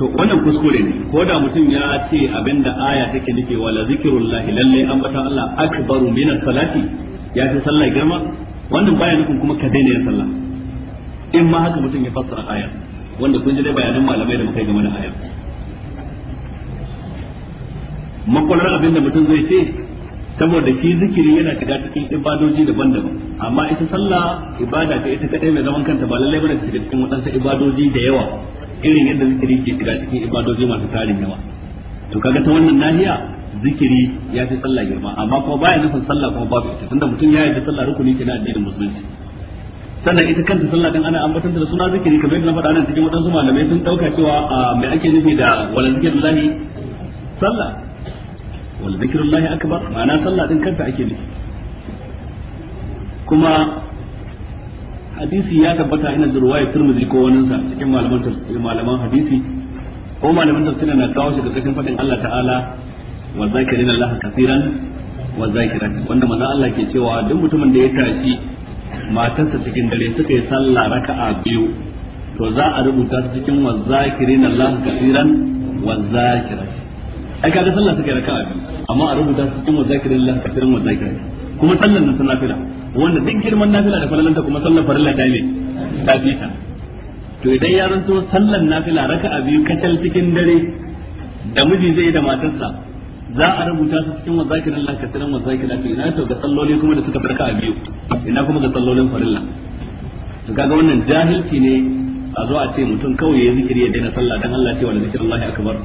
to wannan kuskure ne ko da mutum ya ce abinda aya take nufi wala zikrullahi lalle bata Allah akbaru min salati ya fi sallah girma wannan baya nufin kuma ka daina yin sallah in ma haka mutum ya fassara aya wanda kun ji dai bayanan malamai da muka yi game da aya makwalar abinda mutum zai ce saboda shi zikiri yana shiga cikin ibadoji daban-daban amma ita sallah ibada ta ita kadai mai zaman kanta ba lallai bane ta cikin wadansu ibadoji da yawa irin yadda zikiri ke shiga cikin ibadoji masu tarin yawa to kaga ta wannan nahiya zikiri ya fi sallah girma amma kuma baya nufin sallah kuma babu ita tunda mutum ya yarda sallah rukuni ke na addinin musulunci sannan ita kanta sallah din ana ambatanta da suna zikiri kamar yadda na faɗa nan cikin waɗansu malamai sun ɗauka cewa mai ake nufi da wala lahi sallah wala zikirullahi akbar ma'ana sallah din kanta ake nufi kuma hadisi ya tabbata ina da ruwaya turmuzi ko wani sa cikin malaman malaman hadisi ko malaman tafsir na kawo shi cikin fadin Allah ta'ala wa zakirin Allah kafiran wa zakirat wanda manzo Allah ke cewa duk mutumin da ya tashi matarsa cikin dare suka yi sallah raka'a biyu to za a rubuta su cikin wa zakirin Allah kafiran wa zakirat ai kaga sallah suka yi raka'a biyu amma a rubuta su cikin wa zakirin Allah kafiran wa zakirat kuma sallan nan suna fira wanda duk girman nafila da ta kuma sallar farilla ta ne ta fi ta to idan ya zanto sallar nafila raka'a biyu kacal cikin dare da miji zai da matarsa za a rubuta su cikin wazakin Allah ka tsirin wazakin Allah ina to ga salloli kuma da suka farka a biyu ina kuma ga sallolin farilla to kaga wannan jahilci ne a zo a ce mutum kawai ya zikiri ya daina sallah dan Allah ce wala zikrullahi akbar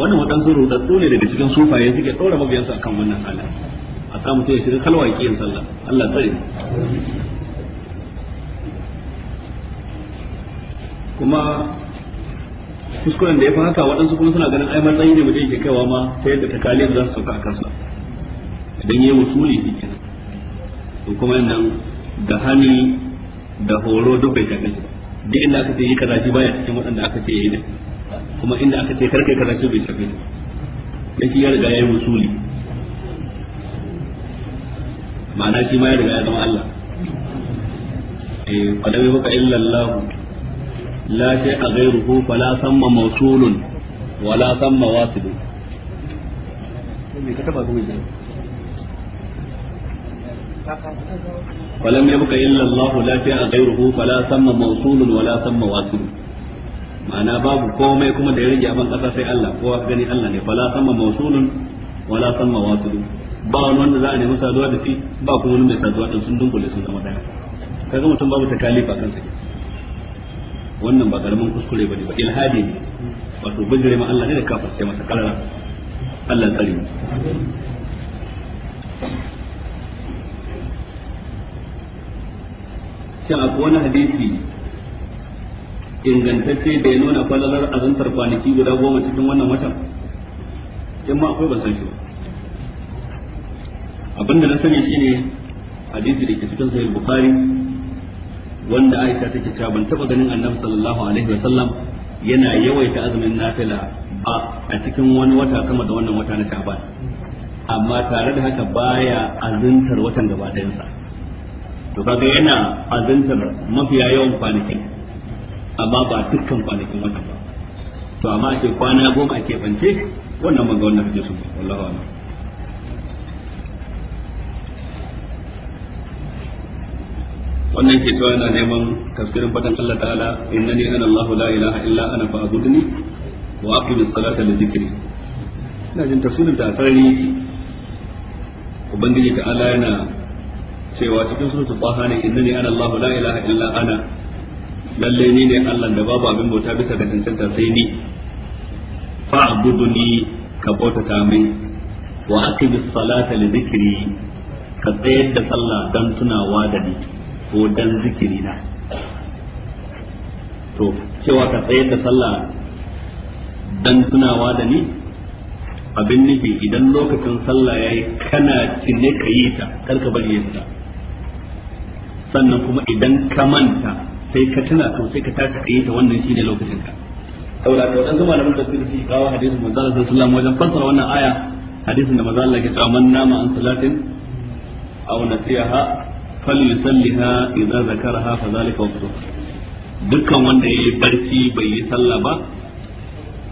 wannan wadansu rudaddu ne daga cikin sufaye suke dora mabiyansu akan wannan halin sa mutum ya shiga kalwa ya yin sallah Allah tsare kuma kuskuren da ya fi haka waɗansu kuma suna ganin ai matsayi ne mutum yake kaiwa ma ta yadda kaliyar za su sauka a kansa idan ya yi musuli shi kenan to kuma nan da hani da horo duk bai shafe shi duk inda aka ce yi kaza shi baya cikin waɗanda aka ce yi ne kuma inda aka ce karkai kaza shi bai shafe shi dan shi ya riga ya yi musuli ma'ana shi ma ya riga ya zama Allah eh qad illa Allah la shay'a ghayruhu fala samma mawsulun samma wasil ولم يبق إلا الله لا شيء غيره فلا ثم موصول ولا ثم واصل babu komai kuma da ya rage abin kasa sai kowa gani Allah ne fala sama wasulun ba wani wanda za a nemi saduwa da shi ba kuma wani mai saduwa dan sun dunkule sun zama daya kaga mutum babu takalifa kansa wannan ba karamin kuskure bane ba ilhadi ne wato bijire ma Allah ne da kafa sai masa kalara Allah tsare mu shin akwai wani hadisi ingantacce da ya nuna falalar azantar kwanaki guda goma cikin wannan watan in ma akwai ban san shi ba abinda na sani shine hadisi da ke cikin sahih bukhari wanda aisha take cewa ban taba ganin annabi sallallahu alaihi wa sallam yana yawaita azumin nafila ba a cikin wani wata sama da wannan wata na sha'ban amma tare da haka baya azuntar watan gaba ɗayansa to kaga yana azuntar mafiya yawan kwanakin amma ba dukkan kwanakin watan ba to amma ake kwana goma ake keɓance wannan ban ga wannan kaje su wallahu a'lam wannan ke cewa yana neman tafsirin fadan Allah ta'ala innani ana Allah la ilaha illa ana fa'budni wa aqimis salata li dhikri ina jin tafsirin da asali ubangiji ta'ala yana cewa cikin suratul baha ne innani ana Allah la ilaha illa ana lalle ni ne Allah da babu abin bauta bisa ga tantanta sai ni fa'budni ka bautata min wa aqimis salata li dhikri ka tsayar da sallah dan tunawa da ni ko dan zikiri na to cewa ka tsaye da sallah dan tunawa da ni abin nufi idan lokacin sallah yayi kana cine ka yi ta kar ka bari yin ta sannan kuma idan ka manta sai ka tuna to sai ka tashi ka yi ta wannan shine lokacin ka saboda to dan zuma da mun tafsiri shi kawo hadisin manzo Allah sallallahu alaihi wasallam wajen fassara wannan aya hadisin da manzo Allah ke cewa man nama an salatin aw nasiha falyusalliha idza zakaraha fa zalika waqtu dukkan wanda ya yi barci bai yi sallah ba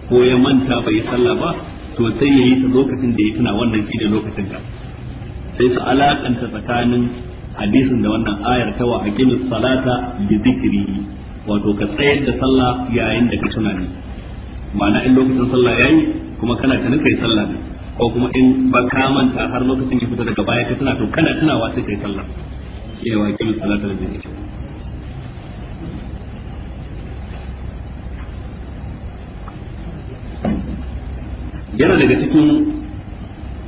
ko ya manta bai yi sallah ba to sai ya yi ta lokacin da ya tuna wannan shi da lokacin ka sai su alakanta tsakanin hadisin da wannan ayar ta wa aqimus salata bi dhikri wato ka tsayar da sallah yayin da ka tuna ni ma'ana in lokacin sallah yayi kuma kana tunan kai sallah ne ko kuma in ba ka manta har lokacin ya fita daga baya ka tuna to kana tunawa sai kai sallah cewa kimin salata da zai yana daga cikin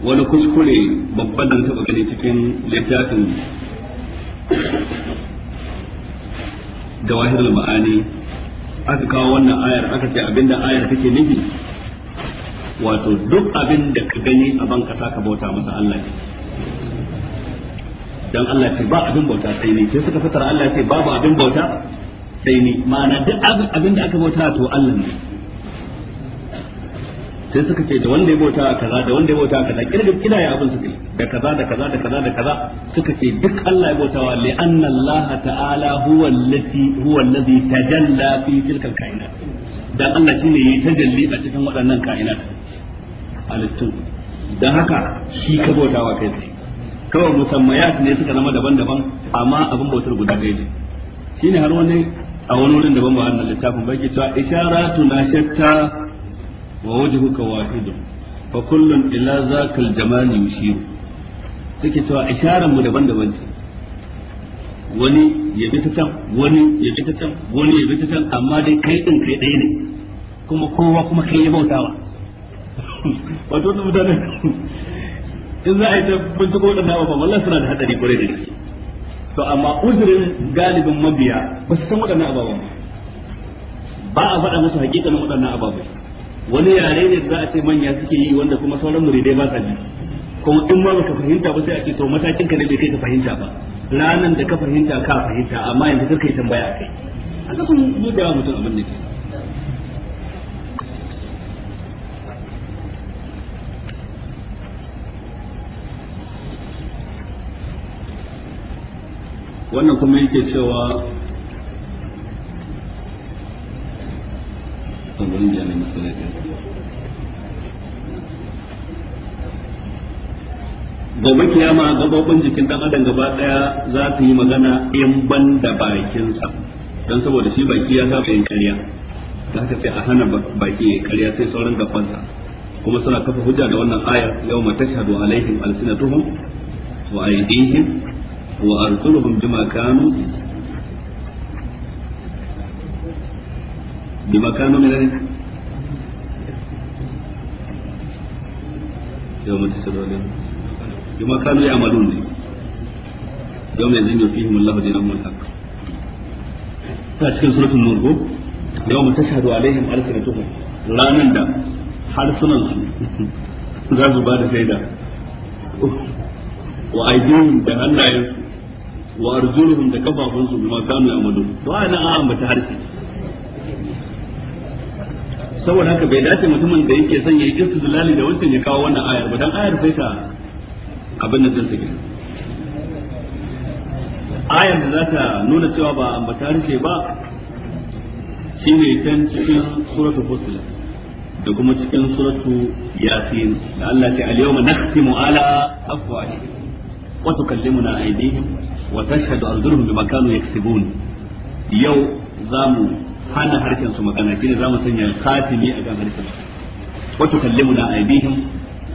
wani kuskure babban da taɓa gani cikin littafin jawahir ma'ani aka kawo wannan ayar aka ce abinda ayar take nufi wato duk abin da ka gani a banka kasa ka bauta masa Allah ne dan Allah ce ba abin bauta sai ni sai suka fitar Allah ce babu abin bauta sai ni ma'ana duk abin da aka bauta to Allah ne sai suka ce da wanda ya bauta kaza da wanda ya bauta kaza kirga kila ya abin suka da kaza da kaza da kaza da kaza suka ce duk Allah ya bautawa li anna Allah ta'ala huwa allati huwa allazi tajalla fi tilka kainat dan Allah shine yayi tajalli a cikin waɗannan kainat halittu dan haka shi ka bautawa kai kawai musammayat ne suka zama daban-daban amma abin bautar guda ɗaya ne shine har wani a wani wurin daban ba wannan littafin baki cewa isharatu na shatta wa wajhuka wahidun fa kullun ila zakal jamal yushiru take cewa isharar mu daban-daban ce wani ya bi ta can wani ya bi ta can wani ya bi ta can amma dai kai din kai ɗaya ne kuma kowa kuma kai ya bautawa [LAUGHS] wato mutane in za a yi ta bincika waɗanda ababen wallahi suna da hatsari kwarai da gaske to amma uzurin galibin mabiya ba su san waɗannan ababen ba ba a faɗa musu hakikanin waɗannan ababen wani yare ne za a ce manya suke yi wanda kuma sauran muridai ba sa ji kuma in ma baka fahimta ba sai a ce to matakin ka ne bai kai ka fahimta ba ranan da ka fahimta ka fahimta amma yanzu kai tambaya kai a kasan mu da mutum abin da ke wannan kuma yake cewa gobe kiyama gabobin jikin dan adam gaba daya za su yi magana in ban da bakinsa don saboda shi baki ya saba yin kariya za haka sai a hana baki ya kariya sai sauran gabansa kuma suna kafa hujja da wannan ayar yau tashhadu alaihim alsinatuhum wa aydihim وأرسلهم بما كانوا بما كانوا من يوم تسلون بما كانوا يعملون يوم يزين فيهم الله دينهم الحق تاسكن سورة النور يوم تشهد عليهم ألسنتهم ranar da harsunansu حال su ba da shaida wa aidihim da hannayensu wa arjuluhum da kafafunsu bima kanu ya'malu to ana an ambata harshe saboda haka bai dace mutumin da yake son yayi istidlali da wancan ya kawo wannan ayar ba dan ayar sai ta abin da zan sake ayar da za ta nuna cewa ba ambata harshe ba shine can cikin suratu fusilat da kuma cikin suratu yasin da Allah ta al-yawma nakhtimu ala afwahihim wa tukallimuna aydihim wa tashhadu arjuluhum bima kanu yaksibun yau zamu hana harshen su magana shine zamu sanya khatimi a kan harshen su wa tukallimuna aydihim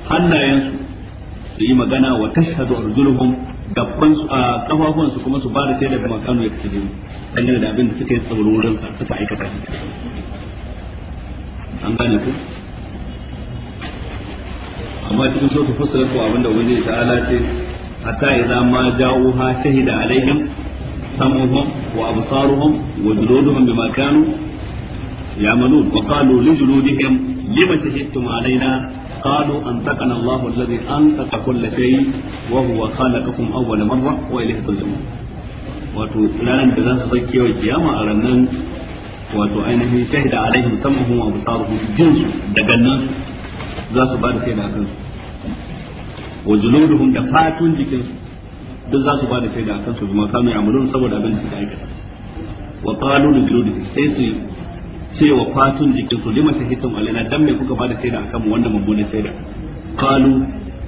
hannayen su su yi magana wa tashhadu arjuluhum gaban su a kafafun su kuma su bada shaida bima kanu yaksibun dangane da abin da suka yi tsaurin wurin sa aikata an gane ku amma cikin fassara ta'ala ce hatta idza ma ja'uha shahida alaihim samuhum wa absaruhum wa juluduhum bima kanu ya'malun wa qalu li قالوا أنطقنا الله الذي أنطق كل شيء وهو خلقكم أول مرة وإليه ترجعون wato ranar da za su sai kewa kiyama a ranar wato ainihin shahida alaihim samuhum wa absaruhum jinsu da gannan za su ba da shaida a kansu. wa da fatun jikinsu duk za su ba da shaida akan su kuma kanu ya'malun saboda abin da suka aikata wa qalu li juludihim sai su ce wa fatun jikinsu lima shahidtum alaina dan me kuka ba da shaida akan mu wanda mummunan shaida qalu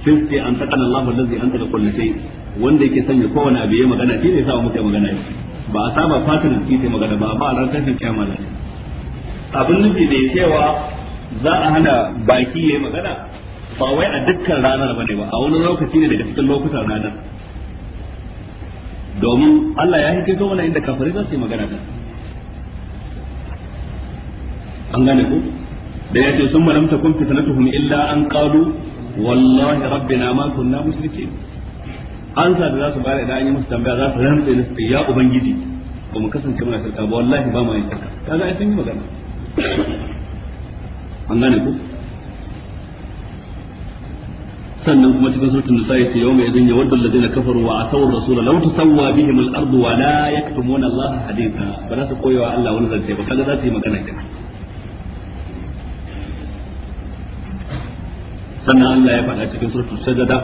sai ce an takana Allah wallazi an taka kullu sai wanda yake sanya kowane abu yayi magana shi ne sa muka magana ba a saba fatun jikin sai magana ba ba a ran tashin kiyama da abin nufi da ya cewa za a hana baki yayi magana ba wai a dukkan ranar bane ba a wani lokaci ne daga cikin lokutan ranar domin Allah ya yi kai wani inda kafirai za su yi magana da an gane ku da ya ce sun malamta kun fitnatuhum illa an qalu wallahi rabbina ma kunna muslimin an sa da za su bayar idan an yi musu tambaya za su rantsa ne su ya ubangiji ba mu kasance muna shirka ba wallahi ba mu yi shirka kaga ai sun yi magana an gane ku sannan kuma cikin suratul nisa yace yawma idin yawaddu alladhina kafaru wa ataw rasul law tusawwa bihim al-ardu wa la yaktumuna Allah haditha ba za su koyewa Allah wani zance ba kaga za su yi magana kenan sannan Allah ya faɗa cikin suratul sajada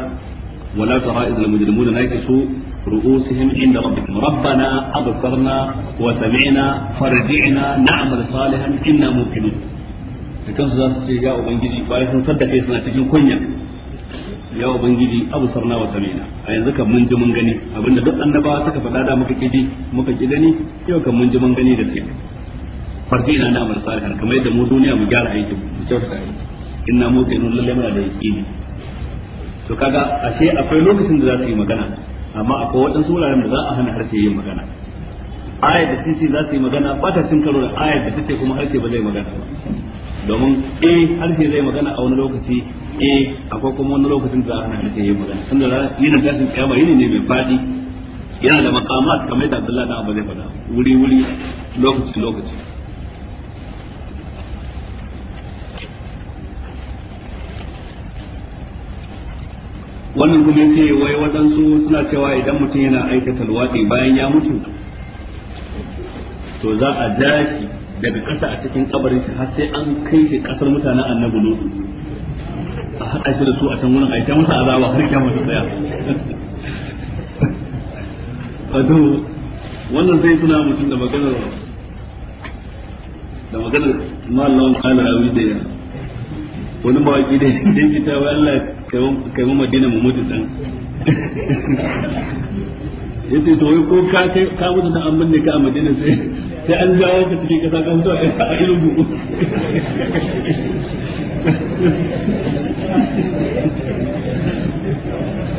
ولا ترى إذ المجرمون ناكسوا رؤوسهم عند ربكم ربنا أبصرنا وسمعنا فرجعنا نعمل صالحا إنا موقنون da kansu za su ce ya ubangiji bayan sun sadda kai suna cikin kunya ya ubangiji sarna wa sami'na a yanzu kan mun ji mun gani abinda duk annabawa suka faɗa da muka kiji muka ki gani yau kan mun ji mun gani da ke farji na da amal salihan kamar yadda mu duniya mu gyara aiki mu kyautata aiki inna mu kainun lalle muna da yaqini to kaga ashe akwai lokacin da za su yi magana amma akwai waɗansu wuraren da za a hana harshe yin magana ayar da titi za su yi magana ba ta cin karo da ayar da take kuma harshe ba zai magana ba domin eh harshe zai magana a wani lokaci eh akwai kuma wani lokacin da ana harshe yi magana sun da yin tashin kiyama yin ne mai fadi yana da maqamat kamar da Abdullah da Abu zai faɗa wuri wuri lokaci lokaci wannan kuma ce wai waɗansu suna cewa idan mutum yana aikata luwaɗi bayan ya mutu to za a dace daga ƙasa a cikin kabarin shi har sai an kai shi ƙasar mutanen annabi lutu a haɗa shi da su a can wurin a yi masa azaba har kyamar ta tsaya wato wannan zai tuna mutum da maganar da maganar mallawan kala rawi da ya wani mawaki da ya ta wa Allah kai mu madina mu mutu san. [LAUGHS] yace to wai ko ka kai ka mutu da an binne ka a madina sai sai an jawo ka cikin kasa ka mutu a ilugu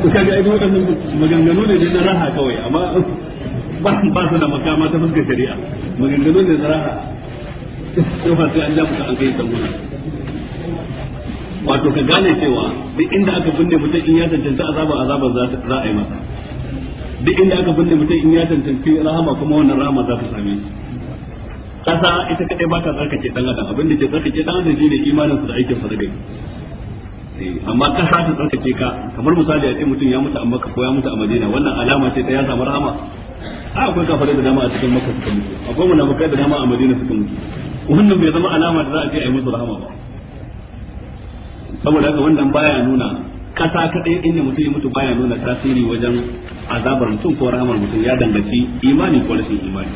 kuka ga ido waɗannan maganganu ne na raha kawai amma ba ba su da makama ta fuskar shari'a maganganu ne na raha sai fa sai an ja muka an kai ta tambuna wato ka gane cewa duk inda aka binne mutum in ya tantance azaba azaban za a yi masa duk inda aka binne mutum in ya tantance rahama kuma wannan rahama za ta same shi kasa ita kadai ba ta tsarkake dan adam abin da ke tsarkake dan adam shine imanin su da aikin sa da gari eh, amma kasa ta tsarkake ka kamar misali a ce mutum ya mutu a Makka ko ya mutu a Madina wannan alama ce ta ya samu rahama a akwai kafirai da dama a cikin Makka suka mutu akwai munafikai da dama a Madina suka mutu wannan bai zama alama da za a ce a yi musu rahama ba saboda haka wannan baya nuna kasa kadai inda mutum ya mutu baya nuna tasiri wajen azabar mutum ko rahamar mutum ya danganci imani ko rashin imani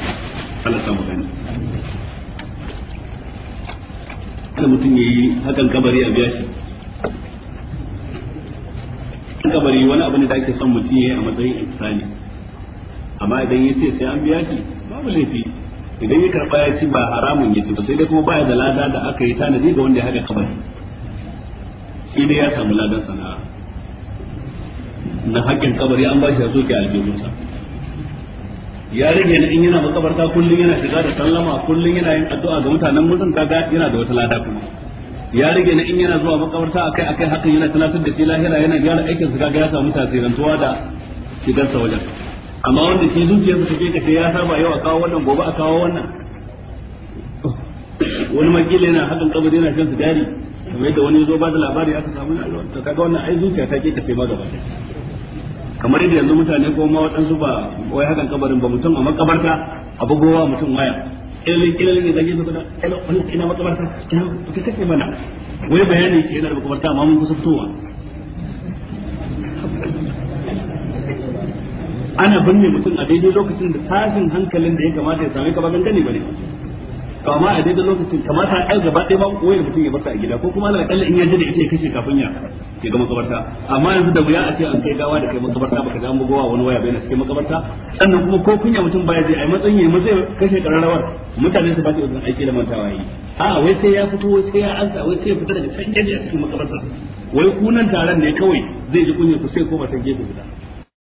Allah mu gani kada mutum ya yi hakan kabari a biya shi kabari wani abu ne da ake son mutum ya yi a matsayin insani amma idan ya ce sai an biya shi babu laifi idan ya karɓa ya ci ba haramun ya ci ba sai dai kuma baya da lada da aka yi tanadi ga wanda ya haka kabari shi dai ya samu ladan sana'a na hakkin kabari an ba shi ya soke aljihunsa ya rage na in yana makabarta kullum yana shiga da sallama kullum yana yin addu'a ga mutanen mutum kaga yana da wata lada kuma ya rage na in yana zuwa makabarta akai akai hakan yana tunatar da shi lahira yana gyara aikin su kaga ya samu tasirantuwa da shigar sa wajen amma wanda shi zuciya su take kace ya saba yau a kawo wannan gobe a kawo wannan wani makila yana hakan kabari yana shan sigari kamar yadda wani ya zo ba da labari aka samu na alwata kaga wannan ai zuciya ta ke kace ma gaba kamar yadda yanzu mutane ko ma waɗansu ba wai hakan kabarin ba mutum a makabarta a bugowa mutum waya ilalin ilalin ne zage su kuna ina makabarta ina ka kashe mana wai bayani ke yana da makabarta amma mun kusa fitowa ana binne mutum a daidai lokacin da tashin hankalin da ya kamata ya sami ka ba gangane ba ne kama a daidai lokacin kamata a gaba ɗaya ba koyar mutum ya barta a gida ko kuma ala in ya ji ita ya kashe kafin ya ya ga makabarta amma yanzu da wuya a ce an kai gawa da kai makabarta baka ga mu gowa wani waya bai na cikin makabarta sannan kuma ko kunya mutum baya je ai matsayin yayi mazai kashe kararrawar mutane su ba su yi aiki da mantawa yi a wai sai ya fito sai ya ansa wai sai ya fita daga can gefe a cikin makabarta wai kunan taron ne kawai zai ji kunya ku sai ko ba ta gefe guda